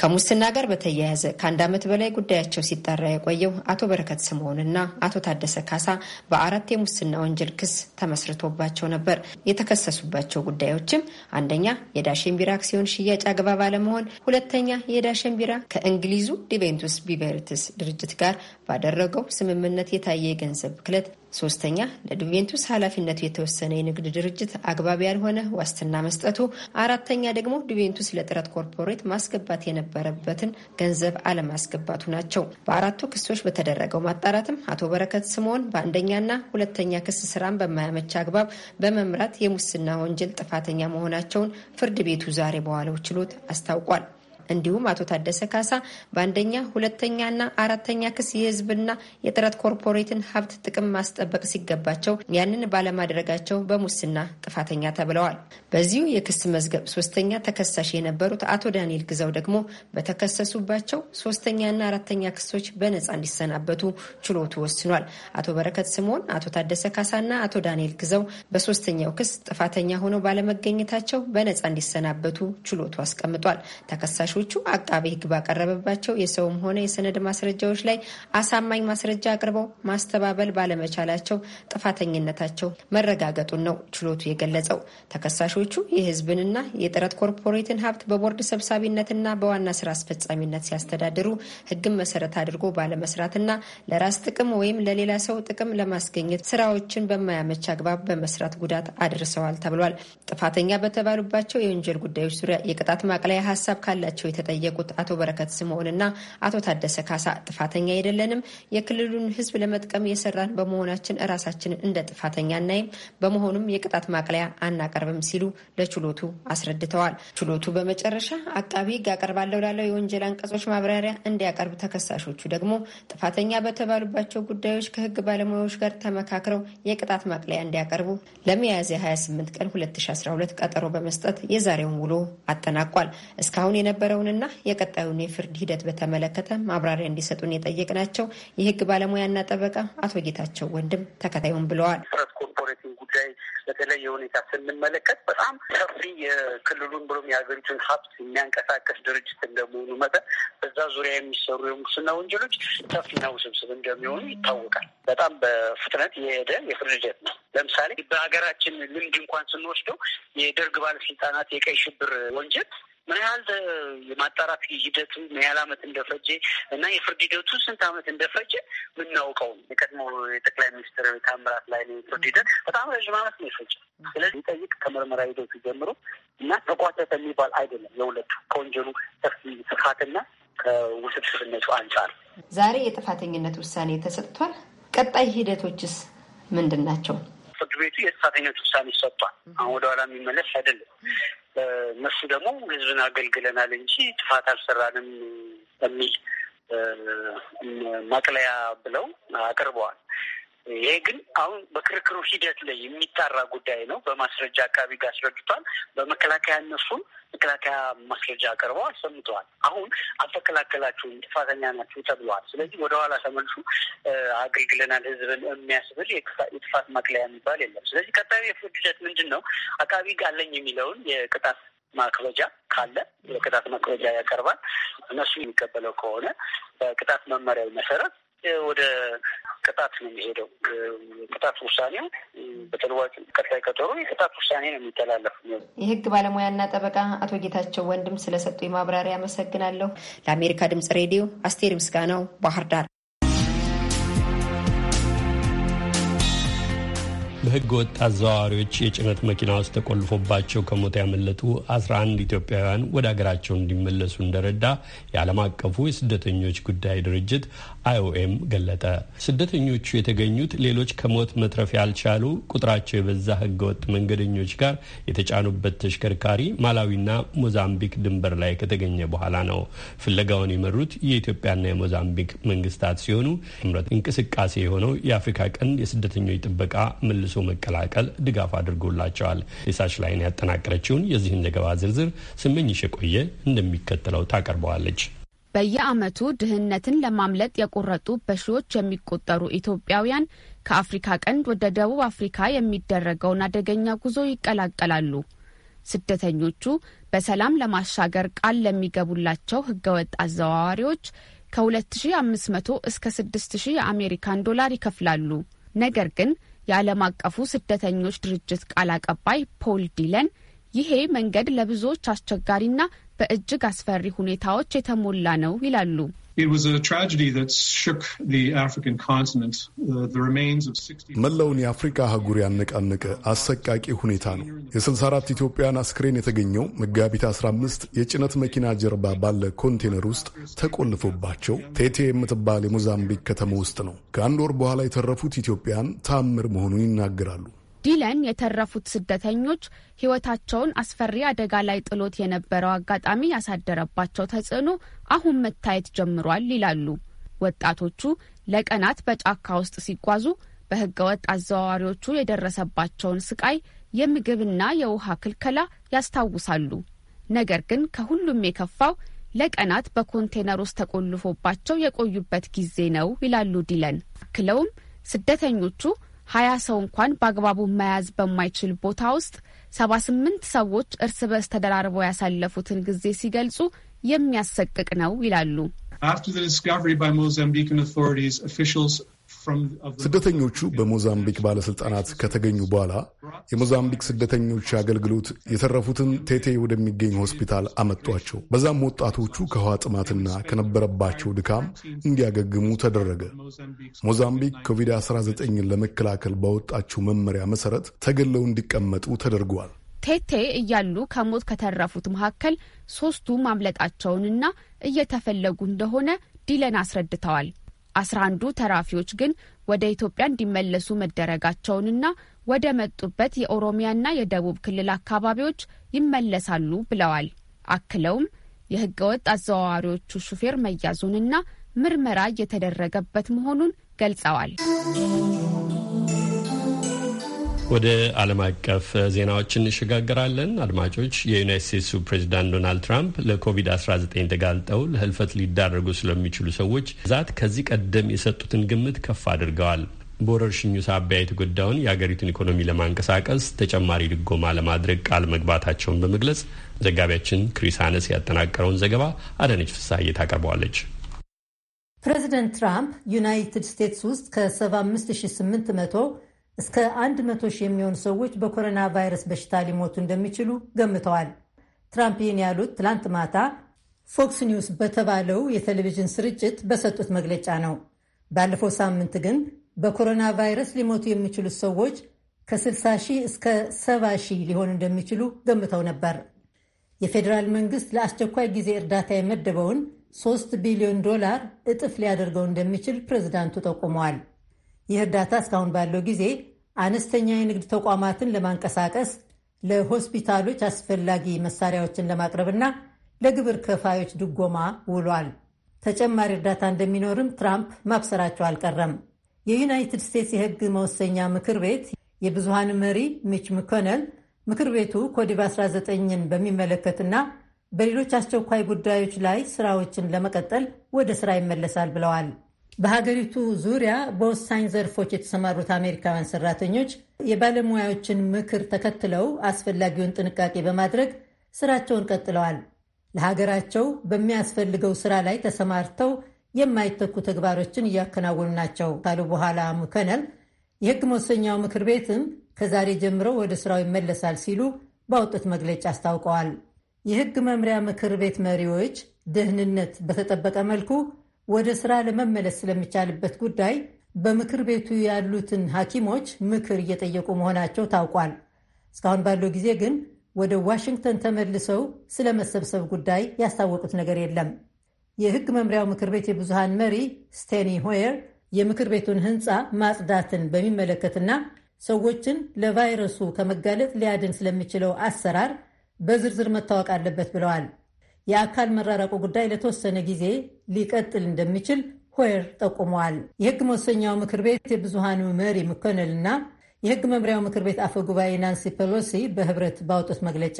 ከሙስና ጋር በተያያዘ ከአንድ ዓመት በላይ ጉዳያቸው ሲጣራ የቆየው አቶ በረከት ስምዖንና አቶ ታደሰ ካሳ በአራት የሙስና ወንጀል ክስ ተመስርቶባቸው ነበር። የተከሰሱባቸው ጉዳዮችም አንደኛ የዳሽን ቢራ አክሲዮን ሽያጭ አግባብ አለመሆን፣ ሁለተኛ የዳሽን ቢራ ከእንግሊዙ ዲቬንቱስ ቢቨርትስ ድርጅት ጋር ባደረገው ስምምነት የታየ የገንዘብ ክለት ሶስተኛ ለዱቬንቱስ ኃላፊነቱ የተወሰነ የንግድ ድርጅት አግባብ ያልሆነ ዋስትና መስጠቱ፣ አራተኛ ደግሞ ዱቬንቱስ ለጥረት ኮርፖሬት ማስገባት የነበረበትን ገንዘብ አለማስገባቱ ናቸው። በአራቱ ክሶች በተደረገው ማጣራትም አቶ በረከት ስምኦን በአንደኛና ሁለተኛ ክስ ስራን በማያመች አግባብ በመምራት የሙስና ወንጀል ጥፋተኛ መሆናቸውን ፍርድ ቤቱ ዛሬ በዋለው ችሎት አስታውቋል። እንዲሁም አቶ ታደሰ ካሳ በአንደኛ ሁለተኛና አራተኛ ክስ የህዝብና የጥረት ኮርፖሬትን ሀብት ጥቅም ማስጠበቅ ሲገባቸው ያንን ባለማድረጋቸው በሙስና ጥፋተኛ ተብለዋል። በዚሁ የክስ መዝገብ ሶስተኛ ተከሳሽ የነበሩት አቶ ዳንኤል ግዛው ደግሞ በተከሰሱባቸው ሶስተኛና አራተኛ ክሶች በነፃ እንዲሰናበቱ ችሎቱ ወስኗል። አቶ በረከት ስምኦን፣ አቶ ታደሰ ካሳና አቶ ዳንኤል ግዛው በሶስተኛው ክስ ጥፋተኛ ሆነው ባለመገኘታቸው በነፃ እንዲሰናበቱ ችሎቱ አስቀምጧል። ተከሳሽ ከሳሾቹ አቃቤ ሕግ ባቀረበባቸው የሰውም ሆነ የሰነድ ማስረጃዎች ላይ አሳማኝ ማስረጃ አቅርበው ማስተባበል ባለመቻላቸው ጥፋተኝነታቸው መረጋገጡን ነው ችሎቱ የገለጸው። ተከሳሾቹ የህዝብንና የጥረት ኮርፖሬትን ሀብት በቦርድ ሰብሳቢነትና በዋና ስራ አስፈጻሚነት ሲያስተዳድሩ ሕግን መሰረት አድርጎ ባለመስራትና ለራስ ጥቅም ወይም ለሌላ ሰው ጥቅም ለማስገኘት ስራዎችን በማያመች አግባብ በመስራት ጉዳት አድርሰዋል ተብሏል። ጥፋተኛ በተባሉባቸው የወንጀል ጉዳዮች ዙሪያ የቅጣት ማቅለያ ሀሳብ ካላቸው በበኩላቸው የተጠየቁት አቶ በረከት ስምዖንና አቶ ታደሰ ካሳ ጥፋተኛ አይደለንም፣ የክልሉን ህዝብ ለመጥቀም የሰራን በመሆናችን እራሳችንን እንደ ጥፋተኛ እናይም፣ በመሆኑም የቅጣት ማቅለያ አናቀርብም ሲሉ ለችሎቱ አስረድተዋል። ችሎቱ በመጨረሻ አቃቢ ህግ አቀርባለው ላለው የወንጀል አንቀጾች ማብራሪያ እንዲያቀርብ፣ ተከሳሾቹ ደግሞ ጥፋተኛ በተባሉባቸው ጉዳዮች ከህግ ባለሙያዎች ጋር ተመካክረው የቅጣት ማቅለያ እንዲያቀርቡ ለሚያዝያ 28 ቀን 2012 ቀጠሮ በመስጠት የዛሬውን ውሎ አጠናቋል። እስካሁን የነበረው የነበረውንና የቀጣዩን የፍርድ ሂደት በተመለከተ ማብራሪያ እንዲሰጡን የጠየቅናቸው የህግ ባለሙያና ጠበቃ አቶ ጌታቸው ወንድም ተከታዩን ብለዋል። ስረት ኮርፖሬቲንግ ጉዳይ በተለየ ሁኔታ ስንመለከት በጣም ሰፊ የክልሉን ብሎም የሀገሪቱን ሀብት የሚያንቀሳቀስ ድርጅት እንደመሆኑ መጠን በዛ ዙሪያ የሚሰሩ የሙስና ወንጀሎች ሰፊና ውስብስብ እንደሚሆኑ ይታወቃል። በጣም በፍጥነት የሄደ የፍርድ ሂደት ነው። ለምሳሌ በሀገራችን ልምድ እንኳን ስንወስደው የደርግ ባለስልጣናት የቀይ ሽብር ወንጀል ምን ያህል የማጣራት ሂደቱ ምን ያህል አመት እንደፈጀ እና የፍርድ ሂደቱ ስንት አመት እንደፈጀ የምናውቀው የቀድሞ የጠቅላይ ሚኒስትር ታምራት ላይ የፍርድ ሂደት በጣም ረዥም አመት ነው የፈጀ። ስለዚህ ጠይቅ ከምርመራ ሂደቱ ጀምሮ እና ተቋጨተ የሚባል አይደለም። የሁለቱ ከወንጀሉ ሰፊ ስፋትና ከውስብስብነቱ አንጻር ዛሬ የጥፋተኝነት ውሳኔ ተሰጥቷል። ቀጣይ ሂደቶችስ ምንድን ናቸው? ፍርድ ቤቱ የተሳተኞች ውሳኔ ሰጥቷል። አሁን ወደኋላ የሚመለስ አይደለም። እነሱ ደግሞ ህዝብን አገልግለናል እንጂ ጥፋት አልሰራንም በሚል መቅለያ ብለው አቅርበዋል። ይሄ ግን አሁን በክርክሩ ሂደት ላይ የሚጣራ ጉዳይ ነው። በማስረጃ አቃቢ ጋር አስረድቷል። በመከላከያ እነሱም መከላከያ ማስረጃ አቅርበው አሰምተዋል። አሁን አልተከላከላችሁም፣ ጥፋተኛ ናችሁ ተብለዋል። ስለዚህ ወደኋላ ተመልሱ፣ አገልግለናል ህዝብን የሚያስብል የጥፋት መክለያ የሚባል የለም። ስለዚህ ቀጣዩ የፍርድ ሂደት ምንድን ነው? አቃቢ አለኝ የሚለውን የቅጣት ማክበጃ ካለ የቅጣት ማክበጃ ያቀርባል። እነሱ የሚቀበለው ከሆነ በቅጣት መመሪያው መሰረት ወደ ቅጣት ነው የሚሄደው። ቅጣት ውሳኔው በተለዋጭ ቀጣይ ቀጠሮ የቅጣት ውሳኔ ነው የሚተላለፍ። የህግ ባለሙያና ጠበቃ አቶ ጌታቸው ወንድም ስለሰጡ ማብራሪያ አመሰግናለሁ። ለአሜሪካ ድምጽ ሬዲዮ አስቴር ምስጋናው ባህር ዳር። በህገ ወጥ አዘዋዋሪዎች የጭነት መኪና ውስጥ ተቆልፎባቸው ከሞት ያመለጡ 11 ኢትዮጵያውያን ወደ አገራቸው እንዲመለሱ እንደረዳ የዓለም አቀፉ የስደተኞች ጉዳይ ድርጅት አይኦኤም ገለጠ። ስደተኞቹ የተገኙት ሌሎች ከሞት መትረፍ ያልቻሉ ቁጥራቸው የበዛ ህገወጥ መንገደኞች ጋር የተጫኑበት ተሽከርካሪ ማላዊና ሞዛምቢክ ድንበር ላይ ከተገኘ በኋላ ነው። ፍለጋውን የመሩት የኢትዮጵያና የሞዛምቢክ መንግስታት ሲሆኑ ምረት እንቅስቃሴ የሆነው የአፍሪካ ቀንድ የስደተኞች ጥበቃ መልሶ መቀላቀል ድጋፍ አድርጎላቸዋል። ሊሳሽ ላይን ያጠናቀረችውን የዚህን ዘገባ ዝርዝር ስመኝሽ የቆየ እንደሚከተለው ታቀርበዋለች። በየዓመቱ ድህነትን ለማምለጥ የቆረጡ በሺዎች የሚቆጠሩ ኢትዮጵያውያን ከአፍሪካ ቀንድ ወደ ደቡብ አፍሪካ የሚደረገውን አደገኛ ጉዞ ይቀላቀላሉ። ስደተኞቹ በሰላም ለማሻገር ቃል ለሚገቡላቸው ህገወጥ አዘዋዋሪዎች ከ2500 እስከ 6000 የአሜሪካን ዶላር ይከፍላሉ። ነገር ግን የዓለም አቀፉ ስደተኞች ድርጅት ቃል አቀባይ ፖል ዲለን ይሄ መንገድ ለብዙዎች አስቸጋሪና በእጅግ አስፈሪ ሁኔታዎች የተሞላ ነው ይላሉ። uh, መላውን የአፍሪካ አህጉር ያነቃነቀ አሰቃቂ ሁኔታ ነው። የ64 ኢትዮጵያን አስክሬን የተገኘው መጋቢት 15 የጭነት መኪና ጀርባ ባለ ኮንቴነር ውስጥ ተቆልፎባቸው ቴቴ የምትባል የሞዛምቢክ ከተማ ውስጥ ነው። ከአንድ ወር በኋላ የተረፉት ኢትዮጵያን ታምር መሆኑን ይናገራሉ። ዲለን የተረፉት ስደተኞች ህይወታቸውን አስፈሪ አደጋ ላይ ጥሎት የነበረው አጋጣሚ ያሳደረባቸው ተጽዕኖ አሁን መታየት ጀምሯል ይላሉ። ወጣቶቹ ለቀናት በጫካ ውስጥ ሲጓዙ በህገወጥ አዘዋዋሪዎቹ የደረሰባቸውን ስቃይ፣ የምግብና የውሃ ክልከላ ያስታውሳሉ። ነገር ግን ከሁሉም የከፋው ለቀናት በኮንቴነር ውስጥ ተቆልፎባቸው የቆዩበት ጊዜ ነው ይላሉ ዲለን። አክለውም ስደተኞቹ ሀያ ሰው እንኳን በአግባቡ መያዝ በማይችል ቦታ ውስጥ ሰባ ስምንት ሰዎች እርስ በርስ ተደራርበው ያሳለፉትን ጊዜ ሲገልጹ የሚያሰቅቅ ነው ይላሉ። After the discovery by Mozambican authorities, officials ስደተኞቹ በሞዛምቢክ ባለሥልጣናት ከተገኙ በኋላ የሞዛምቢክ ስደተኞች አገልግሎት የተረፉትን ቴቴ ወደሚገኝ ሆስፒታል አመጧቸው። በዛም ወጣቶቹ ከውሃ ጥማትና ከነበረባቸው ድካም እንዲያገግሙ ተደረገ። ሞዛምቢክ ኮቪድ-19ን ለመከላከል ባወጣችው መመሪያ መሠረት ተገለው እንዲቀመጡ ተደርጓል። ቴቴ እያሉ ከሞት ከተረፉት መካከል ሦስቱ ማምለጣቸውንና እየተፈለጉ እንደሆነ ዲለን አስረድተዋል። አስራ አንዱ ተራፊዎች ግን ወደ ኢትዮጵያ እንዲመለሱ መደረጋቸውንና ወደ መጡበት የኦሮሚያና የደቡብ ክልል አካባቢዎች ይመለሳሉ ብለዋል። አክለውም የህገወጥ አዘዋዋሪዎቹ ሹፌር መያዙንና ምርመራ እየተደረገበት መሆኑን ገልጸዋል። ወደ ዓለም አቀፍ ዜናዎች እንሸጋገራለን። አድማጮች የዩናይት ስቴትሱ ፕሬዚዳንት ዶናልድ ትራምፕ ለኮቪድ-19 ተጋልጠው ለህልፈት ሊዳረጉ ስለሚችሉ ሰዎች ብዛት ከዚህ ቀደም የሰጡትን ግምት ከፍ አድርገዋል። በወረርሽኙ ሳቢያ የተጎዳውን የአገሪቱን ኢኮኖሚ ለማንቀሳቀስ ተጨማሪ ድጎማ ለማድረግ ቃል መግባታቸውን በመግለጽ ዘጋቢያችን ክሪስ አነስ ያጠናቀረውን ዘገባ አዳነች ፍስሐዬ ታቀርበዋለች። ፕሬዚደንት ትራምፕ ዩናይትድ ስቴትስ ውስጥ ከ75800 እስከ 100 ሺህ የሚሆኑ ሰዎች በኮሮና ቫይረስ በሽታ ሊሞቱ እንደሚችሉ ገምተዋል። ትራምፕ ይህን ያሉት ትላንት ማታ ፎክስ ኒውስ በተባለው የቴሌቪዥን ስርጭት በሰጡት መግለጫ ነው። ባለፈው ሳምንት ግን በኮሮና ቫይረስ ሊሞቱ የሚችሉት ሰዎች ከ60 ሺህ እስከ 70 ሺህ ሊሆኑ እንደሚችሉ ገምተው ነበር። የፌዴራል መንግስት ለአስቸኳይ ጊዜ እርዳታ የመደበውን 3 ቢሊዮን ዶላር እጥፍ ሊያደርገው እንደሚችል ፕሬዚዳንቱ ጠቁመዋል። ይህ እርዳታ እስካሁን ባለው ጊዜ አነስተኛ የንግድ ተቋማትን ለማንቀሳቀስ ለሆስፒታሎች አስፈላጊ መሳሪያዎችን ለማቅረብና ለግብር ከፋዮች ድጎማ ውሏል። ተጨማሪ እርዳታ እንደሚኖርም ትራምፕ ማብሰራቸው አልቀረም። የዩናይትድ ስቴትስ የሕግ መወሰኛ ምክር ቤት የብዙሃን መሪ ሚች ምኮነል ምክር ቤቱ ኮዲቭ 19ን በሚመለከትና በሌሎች አስቸኳይ ጉዳዮች ላይ ስራዎችን ለመቀጠል ወደ ስራ ይመለሳል ብለዋል። በሀገሪቱ ዙሪያ በወሳኝ ዘርፎች የተሰማሩት አሜሪካውያን ሰራተኞች የባለሙያዎችን ምክር ተከትለው አስፈላጊውን ጥንቃቄ በማድረግ ስራቸውን ቀጥለዋል። ለሀገራቸው በሚያስፈልገው ስራ ላይ ተሰማርተው የማይተኩ ተግባሮችን እያከናወኑ ናቸው ካሉ በኋላ ሙከነል የህግ መወሰኛው ምክር ቤትም ከዛሬ ጀምሮ ወደ ስራው ይመለሳል ሲሉ ባወጡት መግለጫ አስታውቀዋል። የህግ መምሪያ ምክር ቤት መሪዎች ደህንነት በተጠበቀ መልኩ ወደ ስራ ለመመለስ ስለሚቻልበት ጉዳይ በምክር ቤቱ ያሉትን ሐኪሞች ምክር እየጠየቁ መሆናቸው ታውቋል። እስካሁን ባለው ጊዜ ግን ወደ ዋሽንግተን ተመልሰው ስለ መሰብሰብ ጉዳይ ያስታወቁት ነገር የለም። የሕግ መምሪያው ምክር ቤት የብዙሃን መሪ ስቴኒ ሆየር የምክር ቤቱን ሕንፃ ማጽዳትን በሚመለከትና ሰዎችን ለቫይረሱ ከመጋለጥ ሊያድን ስለሚችለው አሰራር በዝርዝር መታወቅ አለበት ብለዋል። የአካል መራራቁ ጉዳይ ለተወሰነ ጊዜ ሊቀጥል እንደሚችል ሆየር ጠቁመዋል። የህግ መወሰኛው ምክር ቤት የብዙሃኑ መሪ ምኮነል እና የህግ መምሪያው ምክር ቤት አፈ ጉባኤ ናንሲ ፔሎሲ በህብረት ባወጡት መግለጫ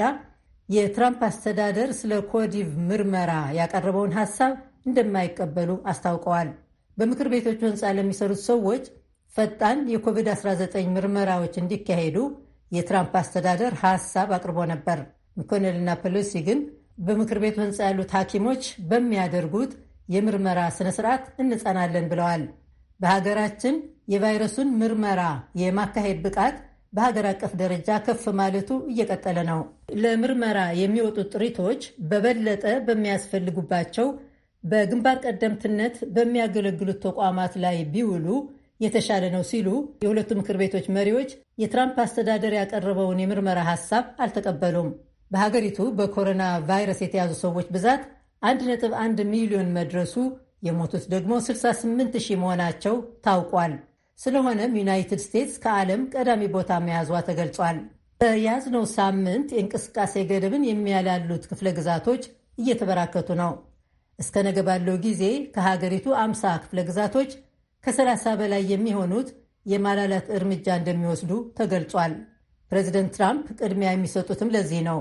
የትራምፕ አስተዳደር ስለ ኮዲቭ ምርመራ ያቀረበውን ሀሳብ እንደማይቀበሉ አስታውቀዋል። በምክር ቤቶቹ ህንፃ ለሚሰሩት ሰዎች ፈጣን የኮቪድ-19 ምርመራዎች እንዲካሄዱ የትራምፕ አስተዳደር ሀሳብ አቅርቦ ነበር። መኮነልና ፔሎሲ ግን በምክር ቤቱ ህንፃ ያሉት ሐኪሞች በሚያደርጉት የምርመራ ስነ ስርዓት እንጸናለን ብለዋል። በሀገራችን የቫይረሱን ምርመራ የማካሄድ ብቃት በሀገር አቀፍ ደረጃ ከፍ ማለቱ እየቀጠለ ነው። ለምርመራ የሚወጡት ጥሪቶች በበለጠ በሚያስፈልጉባቸው በግንባር ቀደምትነት በሚያገለግሉት ተቋማት ላይ ቢውሉ የተሻለ ነው ሲሉ የሁለቱ ምክር ቤቶች መሪዎች የትራምፕ አስተዳደር ያቀረበውን የምርመራ ሀሳብ አልተቀበሉም። በሀገሪቱ በኮሮና ቫይረስ የተያዙ ሰዎች ብዛት 1.1 ሚሊዮን መድረሱ የሞቱት ደግሞ 68 ሺህ መሆናቸው ታውቋል። ስለሆነም ዩናይትድ ስቴትስ ከዓለም ቀዳሚ ቦታ መያዟ ተገልጿል። በያዝነው ሳምንት የእንቅስቃሴ ገደብን የሚያላሉት ክፍለ ግዛቶች እየተበራከቱ ነው። እስከ ነገ ባለው ጊዜ ከሀገሪቱ 50 ክፍለ ግዛቶች ከ30 በላይ የሚሆኑት የማላላት እርምጃ እንደሚወስዱ ተገልጿል። ፕሬዚደንት ትራምፕ ቅድሚያ የሚሰጡትም ለዚህ ነው።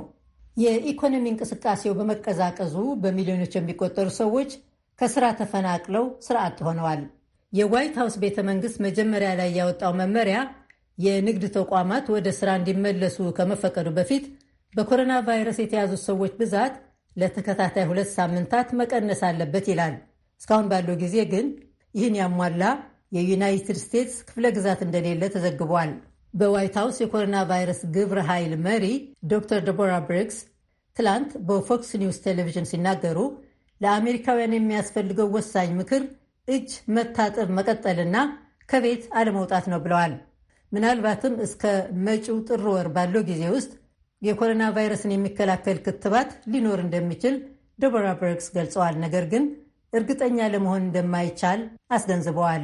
የኢኮኖሚ እንቅስቃሴው በመቀዛቀዙ በሚሊዮኖች የሚቆጠሩ ሰዎች ከስራ ተፈናቅለው ስርዓት ሆነዋል። የዋይት ሀውስ ቤተ መንግስት መጀመሪያ ላይ ያወጣው መመሪያ የንግድ ተቋማት ወደ ስራ እንዲመለሱ ከመፈቀዱ በፊት በኮሮና ቫይረስ የተያዙት ሰዎች ብዛት ለተከታታይ ሁለት ሳምንታት መቀነስ አለበት ይላል። እስካሁን ባለው ጊዜ ግን ይህን ያሟላ የዩናይትድ ስቴትስ ክፍለ ግዛት እንደሌለ ተዘግቧል። በዋይት ሀውስ የኮሮና ቫይረስ ግብረ ኃይል መሪ ዶክተር ደቦራ ብሪግስ ትላንት በፎክስ ኒውስ ቴሌቪዥን ሲናገሩ ለአሜሪካውያን የሚያስፈልገው ወሳኝ ምክር እጅ መታጠብ መቀጠልና ከቤት አለመውጣት ነው ብለዋል። ምናልባትም እስከ መጪው ጥር ወር ባለው ጊዜ ውስጥ የኮሮና ቫይረስን የሚከላከል ክትባት ሊኖር እንደሚችል ደቦራ ብሪክስ ገልጸዋል። ነገር ግን እርግጠኛ ለመሆን እንደማይቻል አስገንዝበዋል።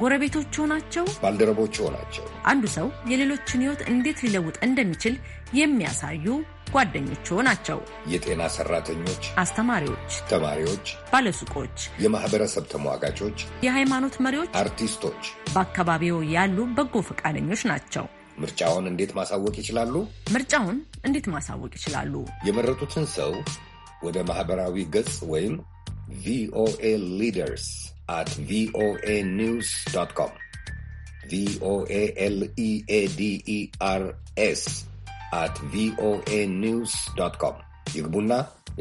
ጎረቤቶች ናቸው፣ ባልደረቦች ናቸው። አንዱ ሰው የሌሎችን ሕይወት እንዴት ሊለውጥ እንደሚችል የሚያሳዩ ጓደኞች ናቸው። የጤና ሰራተኞች፣ አስተማሪዎች፣ ተማሪዎች፣ ባለሱቆች፣ የማህበረሰብ ተሟጋቾች፣ የሃይማኖት መሪዎች፣ አርቲስቶች፣ በአካባቢው ያሉ በጎ ፈቃደኞች ናቸው። ምርጫውን እንዴት ማሳወቅ ይችላሉ? ምርጫውን እንዴት ማሳወቅ ይችላሉ? የመረጡትን ሰው ወደ ማህበራዊ ገጽ ወይም ቪኦኤ ሊደርስ at VOA News dot com. VOA L E A D E R S at VOA ይግቡና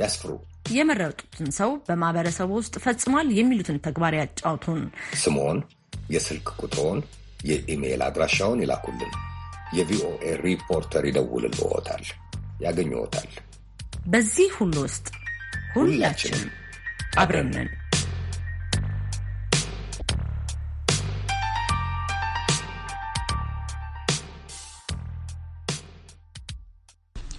ያስፍሩ። የመረጡትን ሰው በማህበረሰቡ ውስጥ ፈጽሟል የሚሉትን ተግባር ያጫውቱን። ስሞን፣ የስልክ ቁጥሮን፣ የኢሜይል አድራሻውን ይላኩልን። የቪኦኤ ሪፖርተር ይደውልልዎታል፣ ያገኝዎታል። በዚህ ሁሉ ውስጥ ሁላችንም አብረን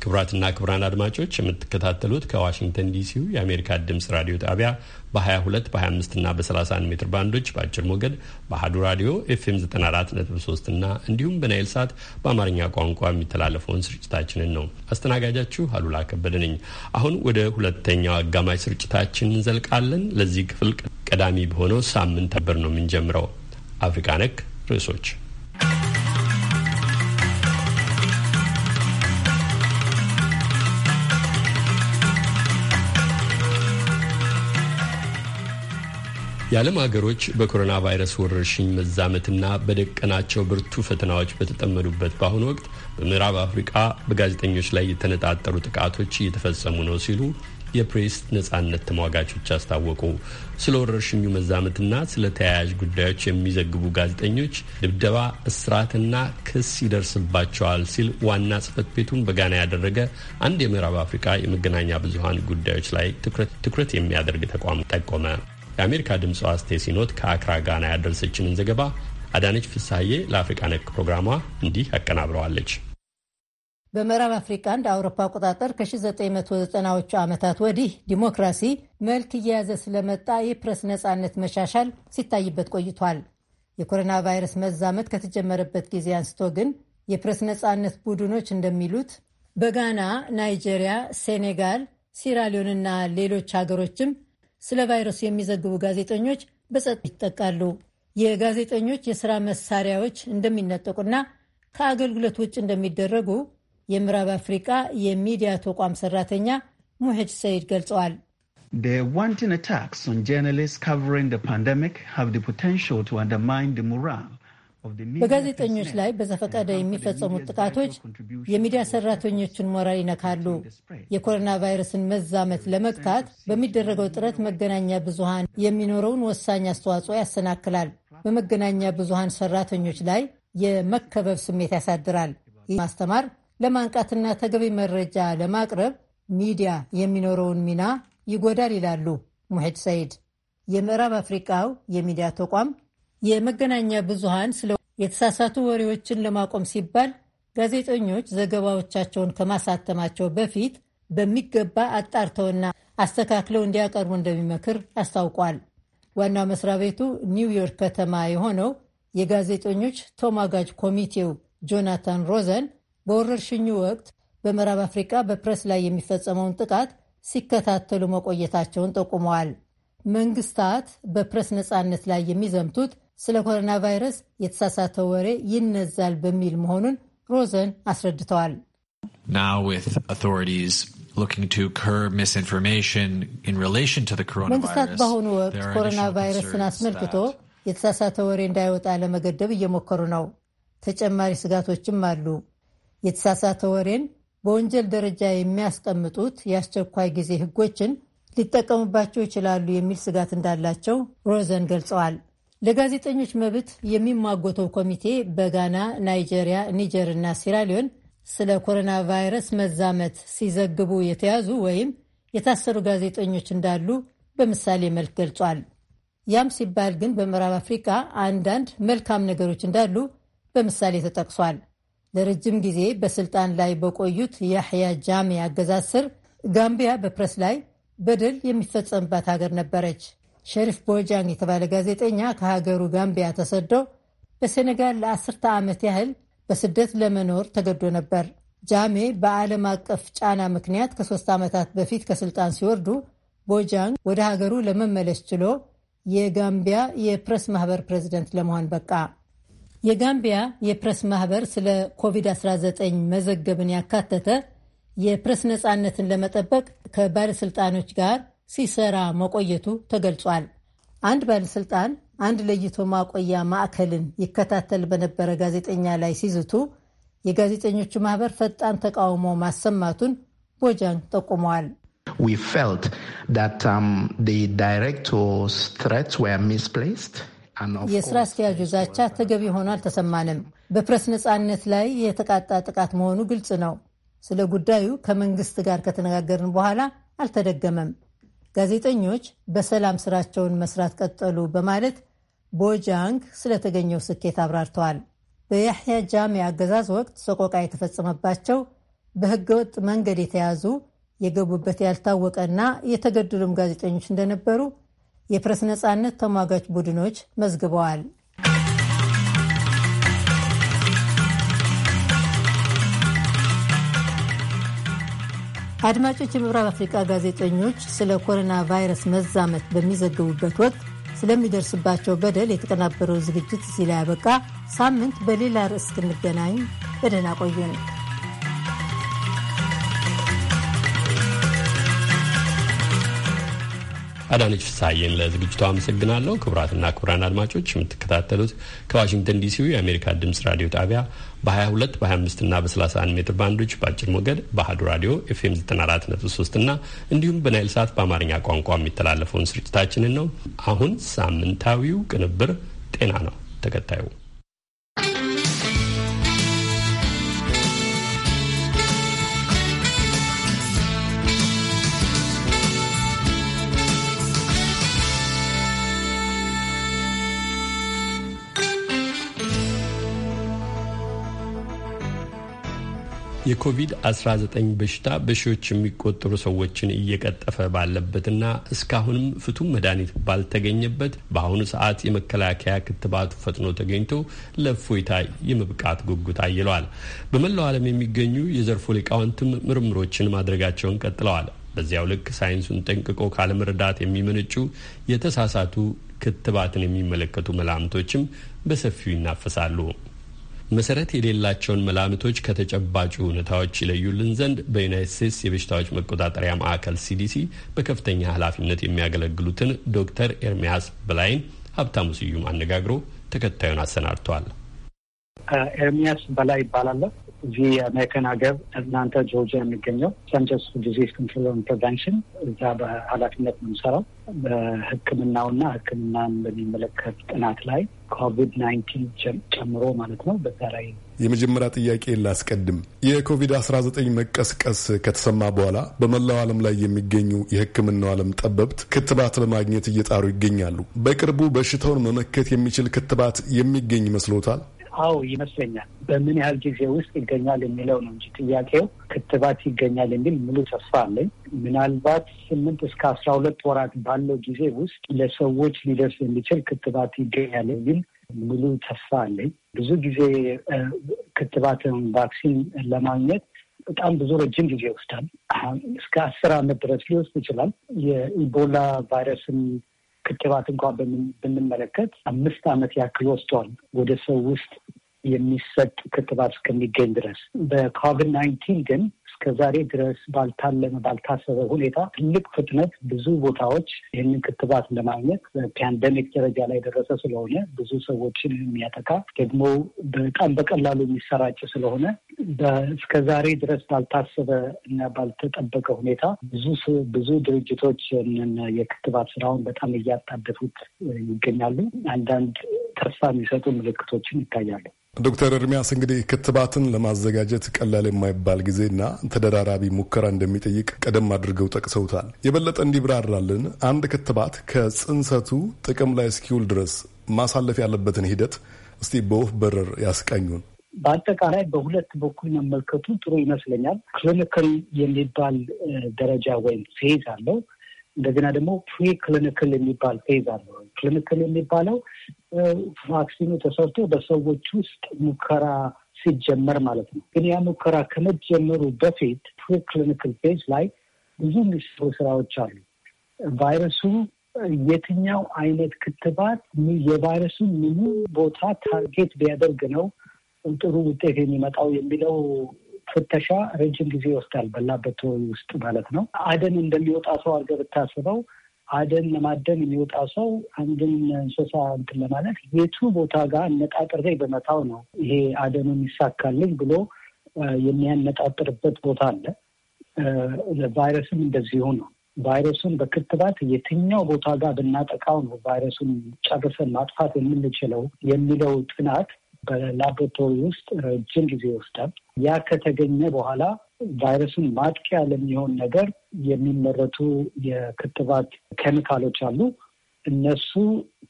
ክቡራትና ክቡራን አድማጮች የምትከታተሉት ከዋሽንግተን ዲሲው የአሜሪካ ድምፅ ራዲዮ ጣቢያ በ22 በ25 እና በ31 ሜትር ባንዶች በአጭር ሞገድ በአህዱ ራዲዮ ኤፍኤም 943 እና እንዲሁም በናይል ሳት በአማርኛ ቋንቋ የሚተላለፈውን ስርጭታችንን ነው። አስተናጋጃችሁ አሉላ ከበደ ነኝ። አሁን ወደ ሁለተኛው አጋማሽ ስርጭታችን እንዘልቃለን። ለዚህ ክፍል ቀዳሚ በሆነው ሳምንት ነበር ነው የምንጀምረው። አፍሪካ ነክ ርዕሶች የዓለም ሀገሮች በኮሮና ቫይረስ ወረርሽኝ መዛመትና በደቀናቸው ብርቱ ፈተናዎች በተጠመዱበት በአሁኑ ወቅት በምዕራብ አፍሪቃ በጋዜጠኞች ላይ የተነጣጠሩ ጥቃቶች እየተፈጸሙ ነው ሲሉ የፕሬስ ነጻነት ተሟጋቾች አስታወቁ። ስለ ወረርሽኙ መዛመትና ስለ ተያያዥ ጉዳዮች የሚዘግቡ ጋዜጠኞች ድብደባ፣ እስራትና ክስ ይደርስባቸዋል ሲል ዋና ጽህፈት ቤቱን በጋና ያደረገ አንድ የምዕራብ አፍሪካ የመገናኛ ብዙሀን ጉዳዮች ላይ ትኩረት የሚያደርግ ተቋም ጠቆመ። የአሜሪካ ድምፅ ሲኖት ከአክራ ጋና ያደረሰችንን ዘገባ አዳነች ፍሳዬ ለአፍሪቃ ነክ ፕሮግራሟ እንዲህ አቀናብረዋለች። በምዕራብ አፍሪቃ እንደ አውሮፓ አቆጣጠር ከ1990ዎቹ ዓመታት ወዲህ ዲሞክራሲ መልክ እየያዘ ስለመጣ የፕረስ ነፃነት መሻሻል ሲታይበት ቆይቷል። የኮሮና ቫይረስ መዛመት ከተጀመረበት ጊዜ አንስቶ ግን የፕረስ ነፃነት ቡድኖች እንደሚሉት በጋና፣ ናይጄሪያ፣ ሴኔጋል፣ ሲራሊዮንና ሌሎች ሀገሮችም ስለ ቫይረሱ የሚዘግቡ ጋዜጠኞች በጸጥ ይጠቃሉ። የጋዜጠኞች የሥራ መሳሪያዎች እንደሚነጠቁና ከአገልግሎት ውጭ እንደሚደረጉ የምዕራብ አፍሪቃ የሚዲያ ተቋም ሰራተኛ ሙሄድ ሰይድ ገልጸዋል። ዋንቲን አታክስ ኦን ጆርናሊስትስ ካቨሪንግ ዘ ፓንደሚክ ሃቭ በጋዜጠኞች ላይ በዘፈቀደ የሚፈጸሙት ጥቃቶች የሚዲያ ሰራተኞችን ሞራል ይነካሉ። የኮሮና ቫይረስን መዛመት ለመግታት በሚደረገው ጥረት መገናኛ ብዙሃን የሚኖረውን ወሳኝ አስተዋጽኦ ያሰናክላል። በመገናኛ ብዙሃን ሰራተኞች ላይ የመከበብ ስሜት ያሳድራል። ይህ ማስተማር ለማንቃትና ተገቢ መረጃ ለማቅረብ ሚዲያ የሚኖረውን ሚና ይጎዳል ይላሉ ሙሒድ ሰይድ። የምዕራብ አፍሪቃው የሚዲያ ተቋም የመገናኛ ብዙሃን ስለ የተሳሳቱ ወሬዎችን ለማቆም ሲባል ጋዜጠኞች ዘገባዎቻቸውን ከማሳተማቸው በፊት በሚገባ አጣርተውና አስተካክለው እንዲያቀርቡ እንደሚመክር አስታውቋል። ዋናው መስሪያ ቤቱ ኒውዮርክ ከተማ የሆነው የጋዜጠኞች ተሟጋጅ ኮሚቴው ጆናታን ሮዘን በወረርሽኙ ወቅት በምዕራብ አፍሪካ በፕሬስ ላይ የሚፈጸመውን ጥቃት ሲከታተሉ መቆየታቸውን ጠቁመዋል። መንግስታት በፕሬስ ነፃነት ላይ የሚዘምቱት ስለ ኮሮና ቫይረስ የተሳሳተ ወሬ ይነዛል በሚል መሆኑን ሮዘን አስረድተዋል። መንግስታት በአሁኑ ወቅት ኮሮና ቫይረስን አስመልክቶ የተሳሳተ ወሬ እንዳይወጣ ለመገደብ እየሞከሩ ነው። ተጨማሪ ስጋቶችም አሉ። የተሳሳተ ወሬን በወንጀል ደረጃ የሚያስቀምጡት የአስቸኳይ ጊዜ ሕጎችን ሊጠቀሙባቸው ይችላሉ የሚል ስጋት እንዳላቸው ሮዘን ገልጸዋል። ለጋዜጠኞች መብት የሚሟገተው ኮሚቴ በጋና፣ ናይጄሪያ፣ ኒጀር እና ሲራሊዮን ስለ ኮሮና ቫይረስ መዛመት ሲዘግቡ የተያዙ ወይም የታሰሩ ጋዜጠኞች እንዳሉ በምሳሌ መልክ ገልጿል። ያም ሲባል ግን በምዕራብ አፍሪካ አንዳንድ መልካም ነገሮች እንዳሉ በምሳሌ ተጠቅሷል። ለረጅም ጊዜ በስልጣን ላይ በቆዩት ያሕያ ጃሜ አገዛዝ ስር ጋምቢያ በፕረስ ላይ በደል የሚፈጸምባት ሀገር ነበረች። ሸሪፍ ቦጃንግ የተባለ ጋዜጠኛ ከሀገሩ ጋምቢያ ተሰዶ በሴኔጋል ለአስርተ ዓመት ያህል በስደት ለመኖር ተገዶ ነበር። ጃሜ በዓለም አቀፍ ጫና ምክንያት ከሶስት ዓመታት በፊት ከስልጣን ሲወርዱ ቦጃንግ ወደ ሀገሩ ለመመለስ ችሎ የጋምቢያ የፕረስ ማህበር ፕሬዚደንት ለመሆን በቃ። የጋምቢያ የፕረስ ማህበር ስለ ኮቪድ-19 መዘገብን ያካተተ የፕረስ ነፃነትን ለመጠበቅ ከባለስልጣኖች ጋር ሲሰራ መቆየቱ ተገልጿል። አንድ ባለሥልጣን አንድ ለይቶ ማቆያ ማዕከልን ይከታተል በነበረ ጋዜጠኛ ላይ ሲዝቱ የጋዜጠኞቹ ማህበር ፈጣን ተቃውሞ ማሰማቱን ቦጃን ጠቁመዋል። um, የስራ አስኪያጁ ዛቻ ተገቢ ሆኖ አልተሰማንም። በፕረስ ነፃነት ላይ የተቃጣ ጥቃት መሆኑ ግልጽ ነው። ስለ ጉዳዩ ከመንግስት ጋር ከተነጋገርን በኋላ አልተደገመም። ጋዜጠኞች በሰላም ስራቸውን መስራት ቀጠሉ በማለት ቦጃንግ ስለተገኘው ስኬት አብራርተዋል። በያሕያ ጃሜ አገዛዝ ወቅት ሰቆቃ የተፈጸመባቸው በህገወጥ መንገድ የተያዙ የገቡበት ያልታወቀና የተገደሉም ጋዜጠኞች እንደነበሩ የፕረስ ነፃነት ተሟጋች ቡድኖች መዝግበዋል። አድማጮች የምዕራብ አፍሪቃ ጋዜጠኞች ስለ ኮሮና ቫይረስ መዛመት በሚዘግቡበት ወቅት ስለሚደርስባቸው በደል የተቀናበረው ዝግጅት እዚህ ላይ ያበቃ። ሳምንት በሌላ ርዕስ እስክንገናኝ በደህና ቆዩን። አዳነች ፍሳዬን ለዝግጅቷ አመሰግናለሁ። ክቡራትና ክቡራን አድማጮች የምትከታተሉት ከዋሽንግተን ዲሲው የአሜሪካ ድምጽ ራዲዮ ጣቢያ በ22 በ25 እና በ31 ሜትር ባንዶች በአጭር ሞገድ በአህዱ ራዲዮ ኤፍኤም 943 እና እንዲሁም በናይል ሰዓት በአማርኛ ቋንቋ የሚተላለፈውን ስርጭታችንን ነው። አሁን ሳምንታዊው ቅንብር ጤና ነው ተከታዩ የኮቪድ-19 በሽታ በሺዎች የሚቆጠሩ ሰዎችን እየቀጠፈ ባለበትና እስካሁንም ፍቱም መድኃኒት ባልተገኘበት በአሁኑ ሰዓት የመከላከያ ክትባቱ ፈጥኖ ተገኝቶ ለእፎይታ የመብቃት ጉጉት አይለዋል። በመላው ዓለም የሚገኙ የዘርፉ ሊቃውንትም ምርምሮችን ማድረጋቸውን ቀጥለዋል። በዚያው ልክ ሳይንሱን ጠንቅቆ ካለመረዳት የሚመነጩ የተሳሳቱ ክትባትን የሚመለከቱ መላምቶችም በሰፊው ይናፈሳሉ። መሰረት የሌላቸውን መላምቶች ከተጨባጩ ሁኔታዎች ይለዩልን ዘንድ በዩናይት ስቴትስ የበሽታዎች መቆጣጠሪያ ማዕከል ሲዲሲ በከፍተኛ ኃላፊነት የሚያገለግሉትን ዶክተር ኤርሚያስ በላይን ሀብታሙ ስዩም አነጋግሮ ተከታዩን አሰናድተዋል። ኤርሚያስ በላይ ይባላለሁ። እዚህ የአሜሪካን ሀገር አትላንታ ጆርጂያ የሚገኘው ሰንተርስ ዲዚዝ ኮንትሮል ፕሪቨንሽን እዛ በኃላፊነት ነው የምሰራው። በሕክምናውና ሕክምናን በሚመለከት ጥናት ላይ ኮቪድ ናይንቲን ጨምሮ ማለት ነው። በዛ ላይ የመጀመሪያ ጥያቄ ላስቀድም። የኮቪድ-19 መቀስቀስ ከተሰማ በኋላ በመላው ዓለም ላይ የሚገኙ የሕክምናው ዓለም ጠበብት ክትባት ለማግኘት እየጣሩ ይገኛሉ። በቅርቡ በሽታውን መመከት የሚችል ክትባት የሚገኝ ይመስሎታል? አዎ ይመስለኛል። በምን ያህል ጊዜ ውስጥ ይገኛል የሚለው ነው እንጂ ጥያቄው ክትባት ይገኛል የሚል ሙሉ ተስፋ አለኝ። ምናልባት ስምንት እስከ አስራ ሁለት ወራት ባለው ጊዜ ውስጥ ለሰዎች ሊደርስ የሚችል ክትባት ይገኛል የሚል ሙሉ ተስፋ አለኝ። ብዙ ጊዜ ክትባትን ቫክሲን ለማግኘት በጣም ብዙ ረጅም ጊዜ ይወስዳል። እስከ አስር ዓመት ድረስ ሊወስድ ይችላል። የኢቦላ ቫይረስን ክትባት እንኳን ብንመለከት አምስት ዓመት ያክል ወስዷል ወደ ሰው ውስጥ የሚሰጥ ክትባት እስከሚገኝ ድረስ። በኮቪድ ናይንቲን ግን ዛሬ ድረስ ባልታለመ ባልታሰበ ሁኔታ ትልቅ ፍጥነት ብዙ ቦታዎች ይህንን ክትባት ለማግኘት ፓንደሚክ ደረጃ ላይ የደረሰ ስለሆነ ብዙ ሰዎችን የሚያጠቃ ደግሞ በጣም በቀላሉ የሚሰራጭ ስለሆነ እስከ ዛሬ ድረስ ባልታሰበ እና ባልተጠበቀ ሁኔታ ብዙ ብዙ ድርጅቶች የክትባት ስራውን በጣም እያጣደፉት ይገኛሉ። አንዳንድ ተስፋ የሚሰጡ ምልክቶችን ይታያሉ። ዶክተር እርሚያስ እንግዲህ ክትባትን ለማዘጋጀት ቀላል የማይባል ጊዜና ተደራራቢ ሙከራ እንደሚጠይቅ ቀደም አድርገው ጠቅሰውታል። የበለጠ እንዲብራራልን አንድ ክትባት ከጽንሰቱ ጥቅም ላይ እስኪውል ድረስ ማሳለፍ ያለበትን ሂደት እስቲ በወፍ በረር ያስቀኙን በአጠቃላይ በሁለት በኩል መመልከቱ ጥሩ ይመስለኛል። ክሊኒክል የሚባል ደረጃ ወይም ፌዝ አለው። እንደገና ደግሞ ፕሪ ክሊኒክል የሚባል ፌዝ አለው። ክሊኒክል የሚባለው ቫክሲኑ ተሰርቶ በሰዎች ውስጥ ሙከራ ሲጀመር ማለት ነው። ግን ያ ሙከራ ከመጀመሩ በፊት ፕሪ ክሊኒክል ፌዝ ላይ ብዙ የሚሰሩ ስራዎች አሉ። ቫይረሱ የትኛው አይነት ክትባት የቫይረሱ ምኑ ቦታ ታርጌት ቢያደርግ ነው ጥሩ ውጤት የሚመጣው የሚለው ፍተሻ ረጅም ጊዜ ይወስዳል። በላበት ውስጥ ማለት ነው። አደን እንደሚወጣ ሰው አድርገህ ብታስበው አደን ለማደን የሚወጣ ሰው አንድን እንስሳ እንትን ለማለት የቱ ቦታ ጋር አነጣጥሬ በመታው ነው ይሄ አደኑ የሚሳካልኝ ብሎ የሚያነጣጥርበት ቦታ አለ። ቫይረስም እንደዚሁ ነው። ቫይረሱን በክትባት የትኛው ቦታ ጋር ብናጠቃው ነው ቫይረሱን ጨርሰን ማጥፋት የምንችለው የሚለው ጥናት በላቦራቶሪ ውስጥ ረጅም ጊዜ ይወስዳል። ያ ከተገኘ በኋላ ቫይረሱን ማጥቂያ ለሚሆን ነገር የሚመረቱ የክትባት ኬሚካሎች አሉ። እነሱ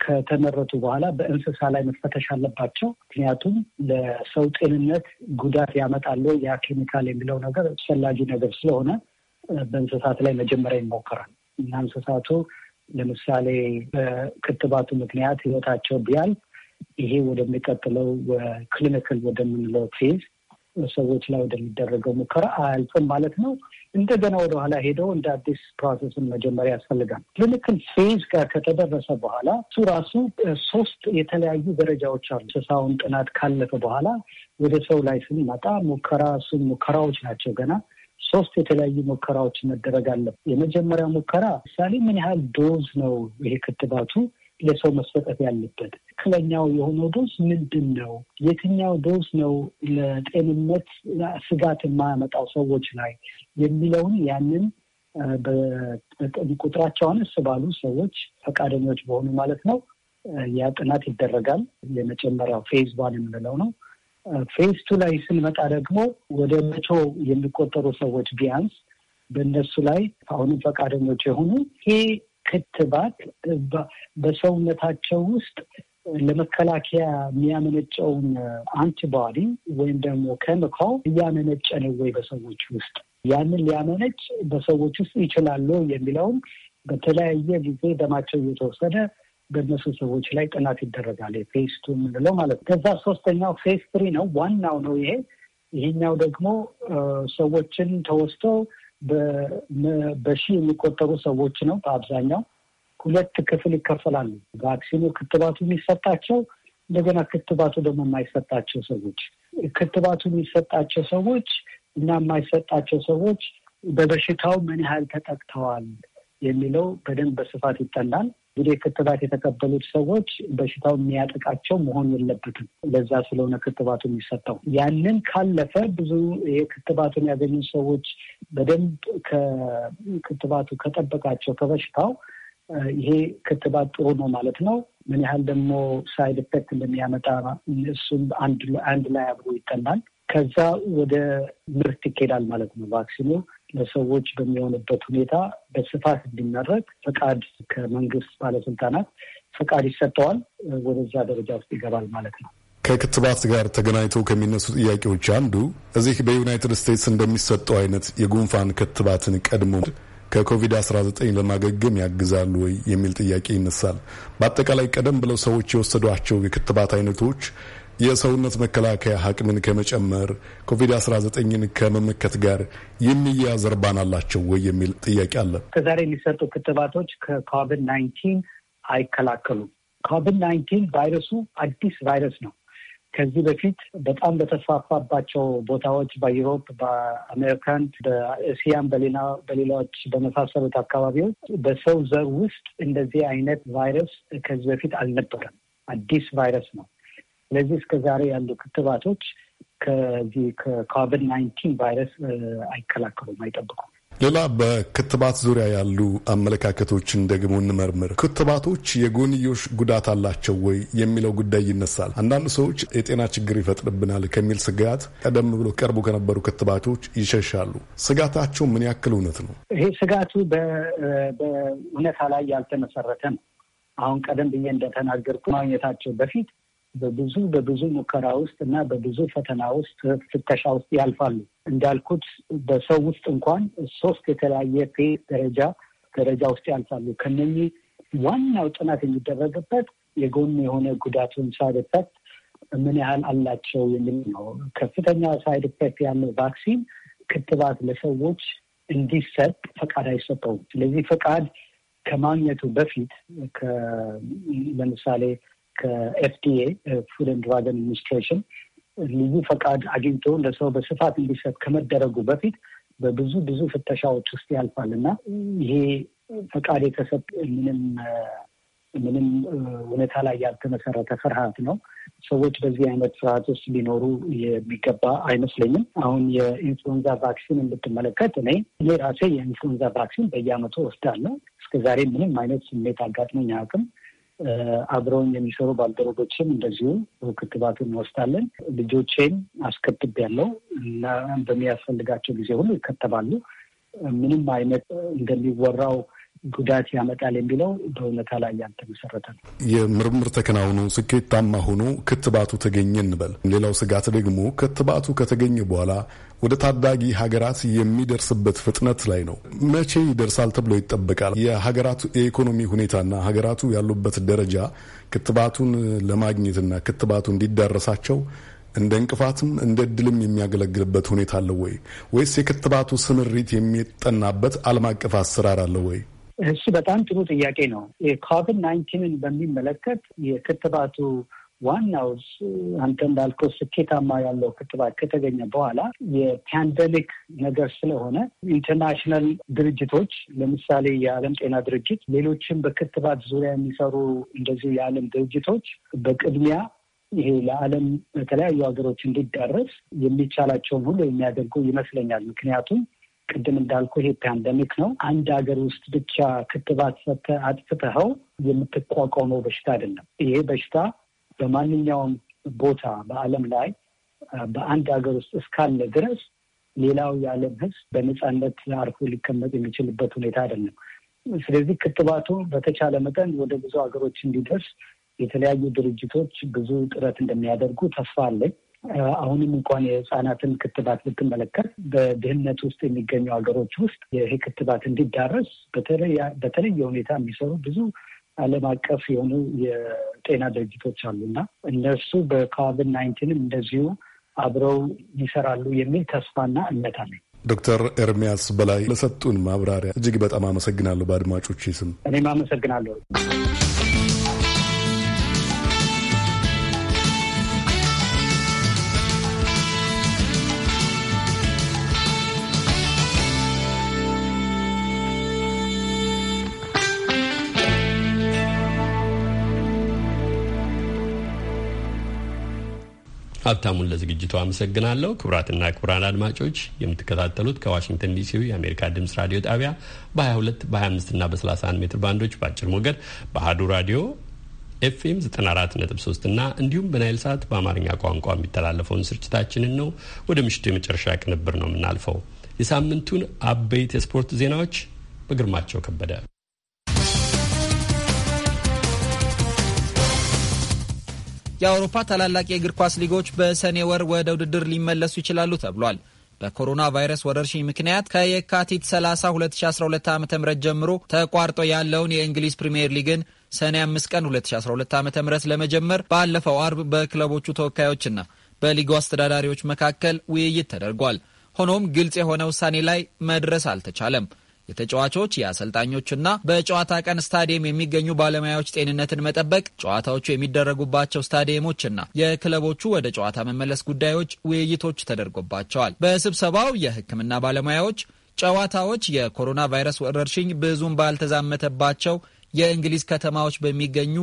ከተመረቱ በኋላ በእንስሳ ላይ መፈተሽ አለባቸው። ምክንያቱም ለሰው ጤንነት ጉዳት ያመጣል ያ ኬሚካል የሚለው ነገር አስፈላጊ ነገር ስለሆነ በእንስሳት ላይ መጀመሪያ ይሞከራል እና እንስሳቱ ለምሳሌ በክትባቱ ምክንያት ሕይወታቸው ቢያል ይሄ ወደሚቀጥለው ክሊኒክል ወደምንለው ፌዝ ሰዎች ላይ ወደሚደረገው ሙከራ አያልፍም ማለት ነው። እንደገና ወደኋላ ሄደው እንደ አዲስ ፕሮሰስን መጀመሪያ ያስፈልጋል። ክሊኒክል ፌዝ ጋር ከተደረሰ በኋላ እሱ ራሱ ሶስት የተለያዩ ደረጃዎች አሉ። እንስሳውን ጥናት ካለፈ በኋላ ወደ ሰው ላይ ስንመጣ ሙከራ ሙከራዎች ናቸው ገና ሶስት የተለያዩ ሙከራዎች መደረግ አለ። የመጀመሪያ ሙከራ ምሳሌ ምን ያህል ዶዝ ነው ይሄ ክትባቱ ለሰው መሰጠት ያለበት። ትክክለኛው የሆነው ዶዝ ምንድን ነው? የትኛው ዶዝ ነው ለጤንነት ስጋት የማያመጣው ሰዎች ላይ የሚለውን ያንን ቁጥራቸው አነስ ባሉ ሰዎች ፈቃደኞች በሆኑ ማለት ነው ያ ጥናት ይደረጋል። የመጀመሪያው ፌዝ ዋን የምንለው ነው። ፌዝ ቱ ላይ ስንመጣ ደግሞ ወደ መቶ የሚቆጠሩ ሰዎች ቢያንስ በእነሱ ላይ አሁንም ፈቃደኞች የሆኑ ይሄ ክትባት በሰውነታቸው ውስጥ ለመከላከያ የሚያመነጨውን አንቲባዲ ወይም ደግሞ ኬሚካል እያመነጨ ነው ወይ በሰዎች ውስጥ ያንን ሊያመነጭ በሰዎች ውስጥ ይችላሉ የሚለውም በተለያየ ጊዜ ደማቸው እየተወሰደ በእነሱ ሰዎች ላይ ጥናት ይደረጋል። የፌስ ቱ የምንለው ማለት ነው። ከዛ ሶስተኛው ፌስ ትሪ ነው። ዋናው ነው ይሄ። ይህኛው ደግሞ ሰዎችን ተወስተው በሺ የሚቆጠሩ ሰዎች ነው። በአብዛኛው ሁለት ክፍል ይከፈላሉ። ቫክሲኑ ክትባቱ የሚሰጣቸው እንደገና ክትባቱ ደግሞ የማይሰጣቸው ሰዎች ክትባቱ የሚሰጣቸው ሰዎች እና የማይሰጣቸው ሰዎች በበሽታው ምን ያህል ተጠቅተዋል የሚለው በደንብ በስፋት ይጠናል። እንግዲህ ክትባት የተቀበሉት ሰዎች በሽታው የሚያጠቃቸው መሆን የለበትም። ለዛ ስለሆነ ክትባቱ የሚሰጠው ያንን ካለፈ ብዙ ይሄ ክትባቱን ያገኙ ሰዎች በደንብ ከክትባቱ ከጠበቃቸው ከበሽታው ይሄ ክትባት ጥሩ ነው ማለት ነው። ምን ያህል ደግሞ ሳይድ ኢፌክት እንደሚያመጣ እሱም አንድ ላይ አብሮ ይጠናል። ከዛ ወደ ምርት ይኬዳል ማለት ነው ቫክሲኑ ለሰዎች በሚሆንበት ሁኔታ በስፋት እንዲመረቅ ፈቃድ ከመንግስት ባለስልጣናት ፈቃድ ይሰጠዋል። ወደዛ ደረጃ ውስጥ ይገባል ማለት ነው። ከክትባት ጋር ተገናኝተው ከሚነሱ ጥያቄዎች አንዱ እዚህ በዩናይትድ ስቴትስ እንደሚሰጠው አይነት የጉንፋን ክትባትን ቀድሞ ከኮቪድ-19 ለማገገም ያግዛሉ ወይ የሚል ጥያቄ ይነሳል። በአጠቃላይ ቀደም ብለው ሰዎች የወሰዷቸው የክትባት አይነቶች የሰውነት መከላከያ አቅምን ከመጨመር ኮቪድ-19ን ከመመከት ጋር የሚያያዝ እርባና አላቸው ወይ የሚል ጥያቄ አለ። ከዛሬ የሚሰጡ ክትባቶች ከኮቪድ 19 አይከላከሉም። ኮቪድ ኮቪድ-19 ቫይረሱ አዲስ ቫይረስ ነው። ከዚህ በፊት በጣም በተስፋፋባቸው ቦታዎች በዩሮፕ፣ በአሜሪካን፣ በእስያም በሌላዎች በመሳሰሉት አካባቢዎች በሰው ዘር ውስጥ እንደዚህ አይነት ቫይረስ ከዚህ በፊት አልነበረም። አዲስ ቫይረስ ነው። ስለዚህ ዛሬ ያሉ ክትባቶች ከዚህ ከኮቪድ ናይንቲን ቫይረስ አይከላከሉም፣ አይጠብቁም። ሌላ በክትባት ዙሪያ ያሉ አመለካከቶችን ደግሞ እንመርምር። ክትባቶች የጎንዮሽ ጉዳት አላቸው ወይ የሚለው ጉዳይ ይነሳል። አንዳንድ ሰዎች የጤና ችግር ይፈጥርብናል ከሚል ስጋት ቀደም ብሎ ቀርቡ ከነበሩ ክትባቶች ይሸሻሉ። ስጋታቸው ምን ያክል እውነት ነው? ይሄ ስጋቱ በእውነታ ላይ ያልተመሰረተ ነው። አሁን ቀደም ብዬ እንደተናገርኩ ማግኘታቸው በፊት በብዙ በብዙ ሙከራ ውስጥ እና በብዙ ፈተና ውስጥ ፍተሻ ውስጥ ያልፋሉ። እንዳልኩት በሰው ውስጥ እንኳን ሶስት የተለያየ ደረጃ ደረጃ ውስጥ ያልፋሉ። ከነኚህ ዋናው ጥናት የሚደረግበት የጎን የሆነ ጉዳቱን ሳይድ ኢፌክት ምን ያህል አላቸው የሚል ነው። ከፍተኛ ሳይድ ኢፌክት ያለው ቫክሲን ክትባት ለሰዎች እንዲሰጥ ፈቃድ አይሰጠውም። ስለዚህ ፈቃድ ከማግኘቱ በፊት ለምሳሌ ከኤፍዲኤ ፉድ ኤንድ ድራግ አድሚኒስትሬሽን ልዩ ፈቃድ አግኝቶ ለሰው በስፋት እንዲሰጥ ከመደረጉ በፊት በብዙ ብዙ ፍተሻዎች ውስጥ ያልፋል እና ይሄ ፈቃድ የተሰጥ ምንም ምንም እውነታ ላይ ያልተመሰረተ ፍርሃት ነው። ሰዎች በዚህ አይነት ፍርሃት ውስጥ ሊኖሩ የሚገባ አይመስለኝም። አሁን የኢንፍሉዌንዛ ቫክሲን ብትመለከት እኔ እኔ ራሴ የኢንፍሉዌንዛ ቫክሲን በየዓመቱ ወስዳለሁ። እስከዛሬ ምንም አይነት ስሜት አጋጥሞኝ አያውቅም። አብረውን የሚሰሩ ባልደረቦችም እንደዚሁ ክትባት እንወስዳለን። ልጆቼን አስከትብ ያለው እና በሚያስፈልጋቸው ጊዜ ሁሉ ይከተባሉ። ምንም አይነት እንደሚወራው ጉዳት ያመጣል የሚለው በእውነታ ላይ ያልተመሰረተ ነው። የምርምር ተከናውኖ ስኬታማ ሆኖ ክትባቱ ተገኘ እንበል። ሌላው ስጋት ደግሞ ክትባቱ ከተገኘ በኋላ ወደ ታዳጊ ሀገራት የሚደርስበት ፍጥነት ላይ ነው። መቼ ይደርሳል ተብሎ ይጠበቃል? የሀገራቱ የኢኮኖሚ ሁኔታና ሀገራቱ ያሉበት ደረጃ ክትባቱን ለማግኘትና ክትባቱ እንዲዳረሳቸው እንደ እንቅፋትም እንደ እድልም የሚያገለግልበት ሁኔታ አለ ወይ? ወይስ የክትባቱ ስምሪት የሚጠናበት ዓለም አቀፍ አሰራር አለ ወይ? እሱ በጣም ጥሩ ጥያቄ ነው። የኮቪድ ናይንቲንን በሚመለከት የክትባቱ ዋናው አንተ እንዳልከው ስኬታማ ያለው ክትባት ከተገኘ በኋላ የፓንደሚክ ነገር ስለሆነ ኢንተርናሽናል ድርጅቶች ለምሳሌ የዓለም ጤና ድርጅት፣ ሌሎችም በክትባት ዙሪያ የሚሰሩ እንደዚህ የዓለም ድርጅቶች በቅድሚያ ይሄ ለዓለም በተለያዩ ሀገሮች እንዲዳረስ የሚቻላቸውን ሁሉ የሚያደርጉ ይመስለኛል። ምክንያቱም ቅድም እንዳልኩ ይሄ ፓንደሚክ ነው። አንድ ሀገር ውስጥ ብቻ ክትባት ሰተ አጥፍተኸው የምትቋቋመው በሽታ አይደለም። ይሄ በሽታ በማንኛውም ቦታ በዓለም ላይ በአንድ ሀገር ውስጥ እስካለ ድረስ ሌላው የዓለም ሕዝብ በነፃነት አርፎ ሊቀመጥ የሚችልበት ሁኔታ አይደለም። ስለዚህ ክትባቱ በተቻለ መጠን ወደ ብዙ ሀገሮች እንዲደርስ የተለያዩ ድርጅቶች ብዙ ጥረት እንደሚያደርጉ ተስፋ አለኝ። አሁንም እንኳን የህፃናትን ክትባት ብትመለከት በድህነት ውስጥ የሚገኙ ሀገሮች ውስጥ ይሄ ክትባት እንዲዳረስ በተለየ ሁኔታ የሚሰሩ ብዙ ዓለም አቀፍ የሆኑ የጤና ድርጅቶች አሉ እና እነሱ በኮቪድ ናይንቲንም እንደዚሁ አብረው ይሰራሉ የሚል ተስፋና እምነት አለኝ። ዶክተር ኤርሚያስ በላይ ለሰጡን ማብራሪያ እጅግ በጣም አመሰግናለሁ። በአድማጮች ስም እኔም አመሰግናለሁ። ሀብታሙን ለዝግጅቱ አመሰግናለሁ። ክቡራትና ክቡራን አድማጮች የምትከታተሉት ከዋሽንግተን ዲሲው የአሜሪካ ድምጽ ራዲዮ ጣቢያ በ22 በ25ና በ31 ሜትር ባንዶች በአጭር ሞገድ በአሀዱ ራዲዮ ኤፍኤም 94.3 እና እንዲሁም በናይል ሰዓት በአማርኛ ቋንቋ የሚተላለፈውን ስርጭታችንን ነው። ወደ ምሽቱ የመጨረሻ ቅንብር ነው የምናልፈው። የሳምንቱን አበይት የስፖርት ዜናዎች በግርማቸው ከበደ የአውሮፓ ታላላቅ የእግር ኳስ ሊጎች በሰኔ ወር ወደ ውድድር ሊመለሱ ይችላሉ ተብሏል። በኮሮና ቫይረስ ወረርሽኝ ምክንያት ከየካቲት 30 2012 ዓ ም ጀምሮ ተቋርጦ ያለውን የእንግሊዝ ፕሪምየር ሊግን ሰኔ 5 ቀን 2012 ዓ ም ለመጀመር ባለፈው አርብ በክለቦቹ ተወካዮችና በሊጉ አስተዳዳሪዎች መካከል ውይይት ተደርጓል። ሆኖም ግልጽ የሆነ ውሳኔ ላይ መድረስ አልተቻለም። የተጫዋቾች የአሰልጣኞችና በጨዋታ ቀን ስታዲየም የሚገኙ ባለሙያዎች ጤንነትን መጠበቅ፣ ጨዋታዎቹ የሚደረጉባቸው ስታዲየሞችና የክለቦቹ ወደ ጨዋታ መመለስ ጉዳዮች ውይይቶች ተደርጎባቸዋል። በስብሰባው የሕክምና ባለሙያዎች ጨዋታዎች የኮሮና ቫይረስ ወረርሽኝ ብዙም ባልተዛመተባቸው የእንግሊዝ ከተማዎች በሚገኙ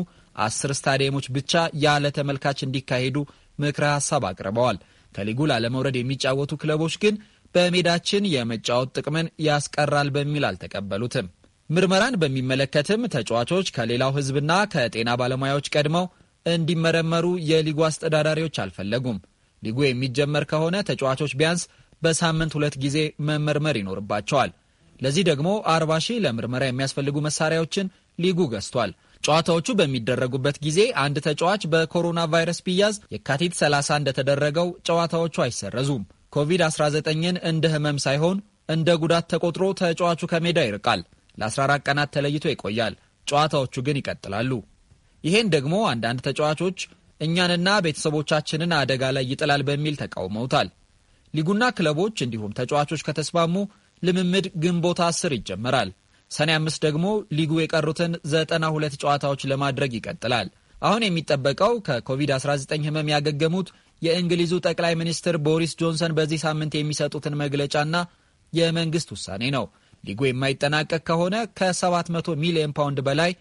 አስር ስታዲየሞች ብቻ ያለ ተመልካች እንዲካሄዱ ምክረ ሀሳብ አቅርበዋል። ከሊጉ ላለመውረድ የሚጫወቱ ክለቦች ግን በሜዳችን የመጫወት ጥቅምን ያስቀራል በሚል አልተቀበሉትም። ምርመራን በሚመለከትም ተጫዋቾች ከሌላው ሕዝብና ከጤና ባለሙያዎች ቀድመው እንዲመረመሩ የሊጉ አስተዳዳሪዎች አልፈለጉም። ሊጉ የሚጀመር ከሆነ ተጫዋቾች ቢያንስ በሳምንት ሁለት ጊዜ መመርመር ይኖርባቸዋል። ለዚህ ደግሞ አርባ ሺህ ለምርመራ የሚያስፈልጉ መሳሪያዎችን ሊጉ ገዝቷል። ጨዋታዎቹ በሚደረጉበት ጊዜ አንድ ተጫዋች በኮሮና ቫይረስ ቢያዝ የካቲት 30 እንደተደረገው ጨዋታዎቹ አይሰረዙም። ኮቪድ-19ን እንደ ህመም ሳይሆን እንደ ጉዳት ተቆጥሮ ተጫዋቹ ከሜዳ ይርቃል። ለ14 ቀናት ተለይቶ ይቆያል። ጨዋታዎቹ ግን ይቀጥላሉ። ይሄን ደግሞ አንዳንድ ተጫዋቾች እኛንና ቤተሰቦቻችንን አደጋ ላይ ይጥላል በሚል ተቃውመውታል። ሊጉና ክለቦች እንዲሁም ተጫዋቾች ከተስማሙ ልምምድ ግንቦት አስር ይጀመራል። ሰኔ አምስት ደግሞ ሊጉ የቀሩትን ዘጠና ሁለት ጨዋታዎች ለማድረግ ይቀጥላል። አሁን የሚጠበቀው ከኮቪድ-19 ህመም ያገገሙት የእንግሊዙ ጠቅላይ ሚኒስትር ቦሪስ ጆንሰን በዚህ ሳምንት የሚሰጡትን መግለጫና የመንግስት ውሳኔ ነው። ሊጉ የማይጠናቀቅ ከሆነ ከ700 ሚሊዮን ፓውንድ በላይ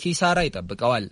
ኪሳራ ይጠብቀዋል።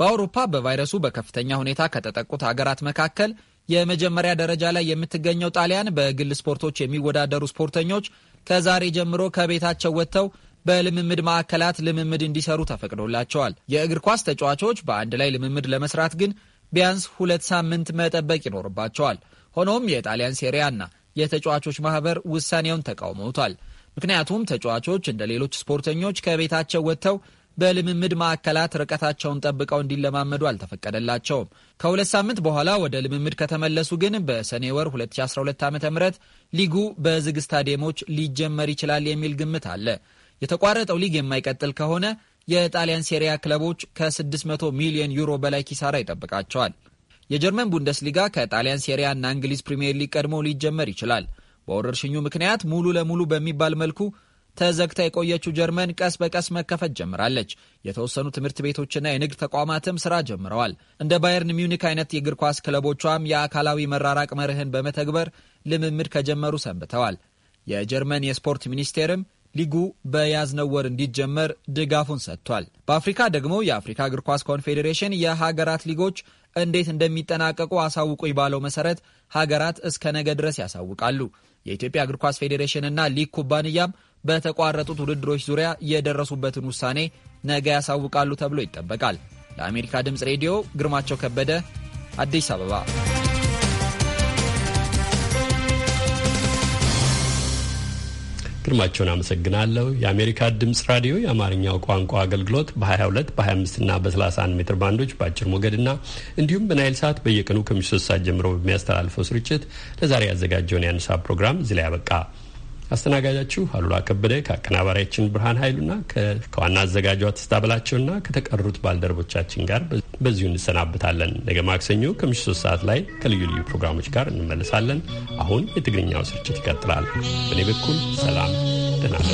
በአውሮፓ በቫይረሱ በከፍተኛ ሁኔታ ከተጠቁት አገራት መካከል የመጀመሪያ ደረጃ ላይ የምትገኘው ጣሊያን በግል ስፖርቶች የሚወዳደሩ ስፖርተኞች ከዛሬ ጀምሮ ከቤታቸው ወጥተው በልምምድ ማዕከላት ልምምድ እንዲሰሩ ተፈቅዶላቸዋል። የእግር ኳስ ተጫዋቾች በአንድ ላይ ልምምድ ለመስራት ግን ቢያንስ ሁለት ሳምንት መጠበቅ ይኖርባቸዋል። ሆኖም የጣሊያን ሴሪያና የተጫዋቾች ማህበር ውሳኔውን ተቃውመውቷል። ምክንያቱም ተጫዋቾች እንደ ሌሎች ስፖርተኞች ከቤታቸው ወጥተው በልምምድ ማዕከላት ርቀታቸውን ጠብቀው እንዲለማመዱ አልተፈቀደላቸውም። ከሁለት ሳምንት በኋላ ወደ ልምምድ ከተመለሱ ግን በሰኔ ወር 2012 ዓ ም ሊጉ በዝግ ስታዲየሞች ሊጀመር ይችላል የሚል ግምት አለ። የተቋረጠው ሊግ የማይቀጥል ከሆነ የጣሊያን ሴሪያ ክለቦች ከ600 ሚሊዮን ዩሮ በላይ ኪሳራ ይጠብቃቸዋል። የጀርመን ቡንደስሊጋ ከጣሊያን ሴሪያ እና እንግሊዝ ፕሪምየር ሊግ ቀድሞ ሊጀመር ይችላል። በወረርሽኙ ምክንያት ሙሉ ለሙሉ በሚባል መልኩ ተዘግታ የቆየችው ጀርመን ቀስ በቀስ መከፈት ጀምራለች። የተወሰኑ ትምህርት ቤቶችና የንግድ ተቋማትም ስራ ጀምረዋል። እንደ ባየርን ሚዩኒክ አይነት የእግር ኳስ ክለቦቿም የአካላዊ መራራቅ መርህን በመተግበር ልምምድ ከጀመሩ ሰንብተዋል። የጀርመን የስፖርት ሚኒስቴርም ሊጉ በያዝነው ወር እንዲጀመር ድጋፉን ሰጥቷል። በአፍሪካ ደግሞ የአፍሪካ እግር ኳስ ኮንፌዴሬሽን የሀገራት ሊጎች እንዴት እንደሚጠናቀቁ አሳውቁኝ ባለው መሰረት ሀገራት እስከ ነገ ድረስ ያሳውቃሉ። የኢትዮጵያ እግር ኳስ ፌዴሬሽንና ሊግ ኩባንያም በተቋረጡት ውድድሮች ዙሪያ የደረሱበትን ውሳኔ ነገ ያሳውቃሉ ተብሎ ይጠበቃል። ለአሜሪካ ድምፅ ሬዲዮ ግርማቸው ከበደ አዲስ አበባ ግርማቸውን አመሰግናለሁ። የአሜሪካ ድምጽ ራዲዮ የአማርኛው ቋንቋ አገልግሎት በ22 በ25 እና በ31 ሜትር ባንዶች በአጭር ሞገድና እንዲሁም በናይል ሰዓት በየቀኑ ከምሽቱ ሶስት ሰዓት ጀምሮ በሚያስተላልፈው ስርጭት ለዛሬ ያዘጋጀውን የአንድ ሰዓት ፕሮግራም እዚህ ላይ ያበቃ። አስተናጋጃችሁ አሉላ ከበደ ከአቀናባሪያችን ብርሃን ኃይሉና ከዋና አዘጋጇ ትስታ ብላቸውና ከተቀሩት ባልደረቦቻችን ጋር በዚሁ እንሰናብታለን። ነገ ማክሰኞ ከምሽቱ ሶስት ሰዓት ላይ ከልዩ ልዩ ፕሮግራሞች ጋር እንመለሳለን። አሁን የትግርኛው ስርጭት ይቀጥላል። በእኔ በኩል ሰላም፣ ደህና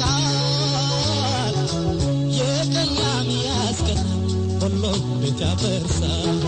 ያውቃል የቀላም ያስቀናል ሁሉም ቤት ያፈርሳል።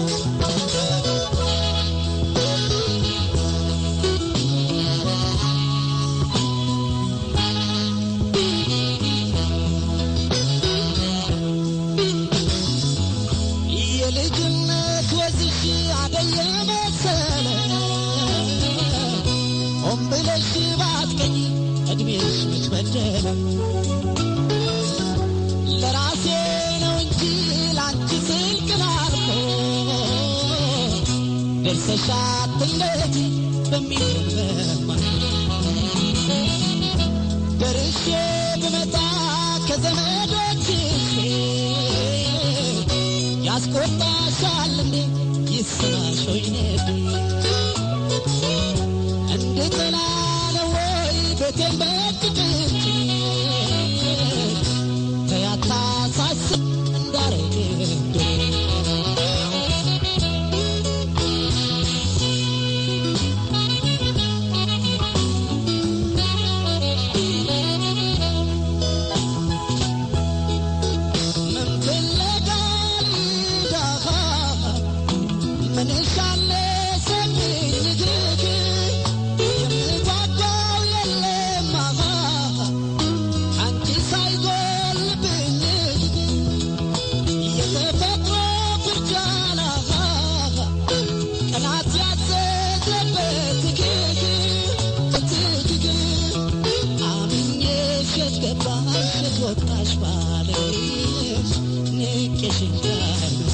Thank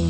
you.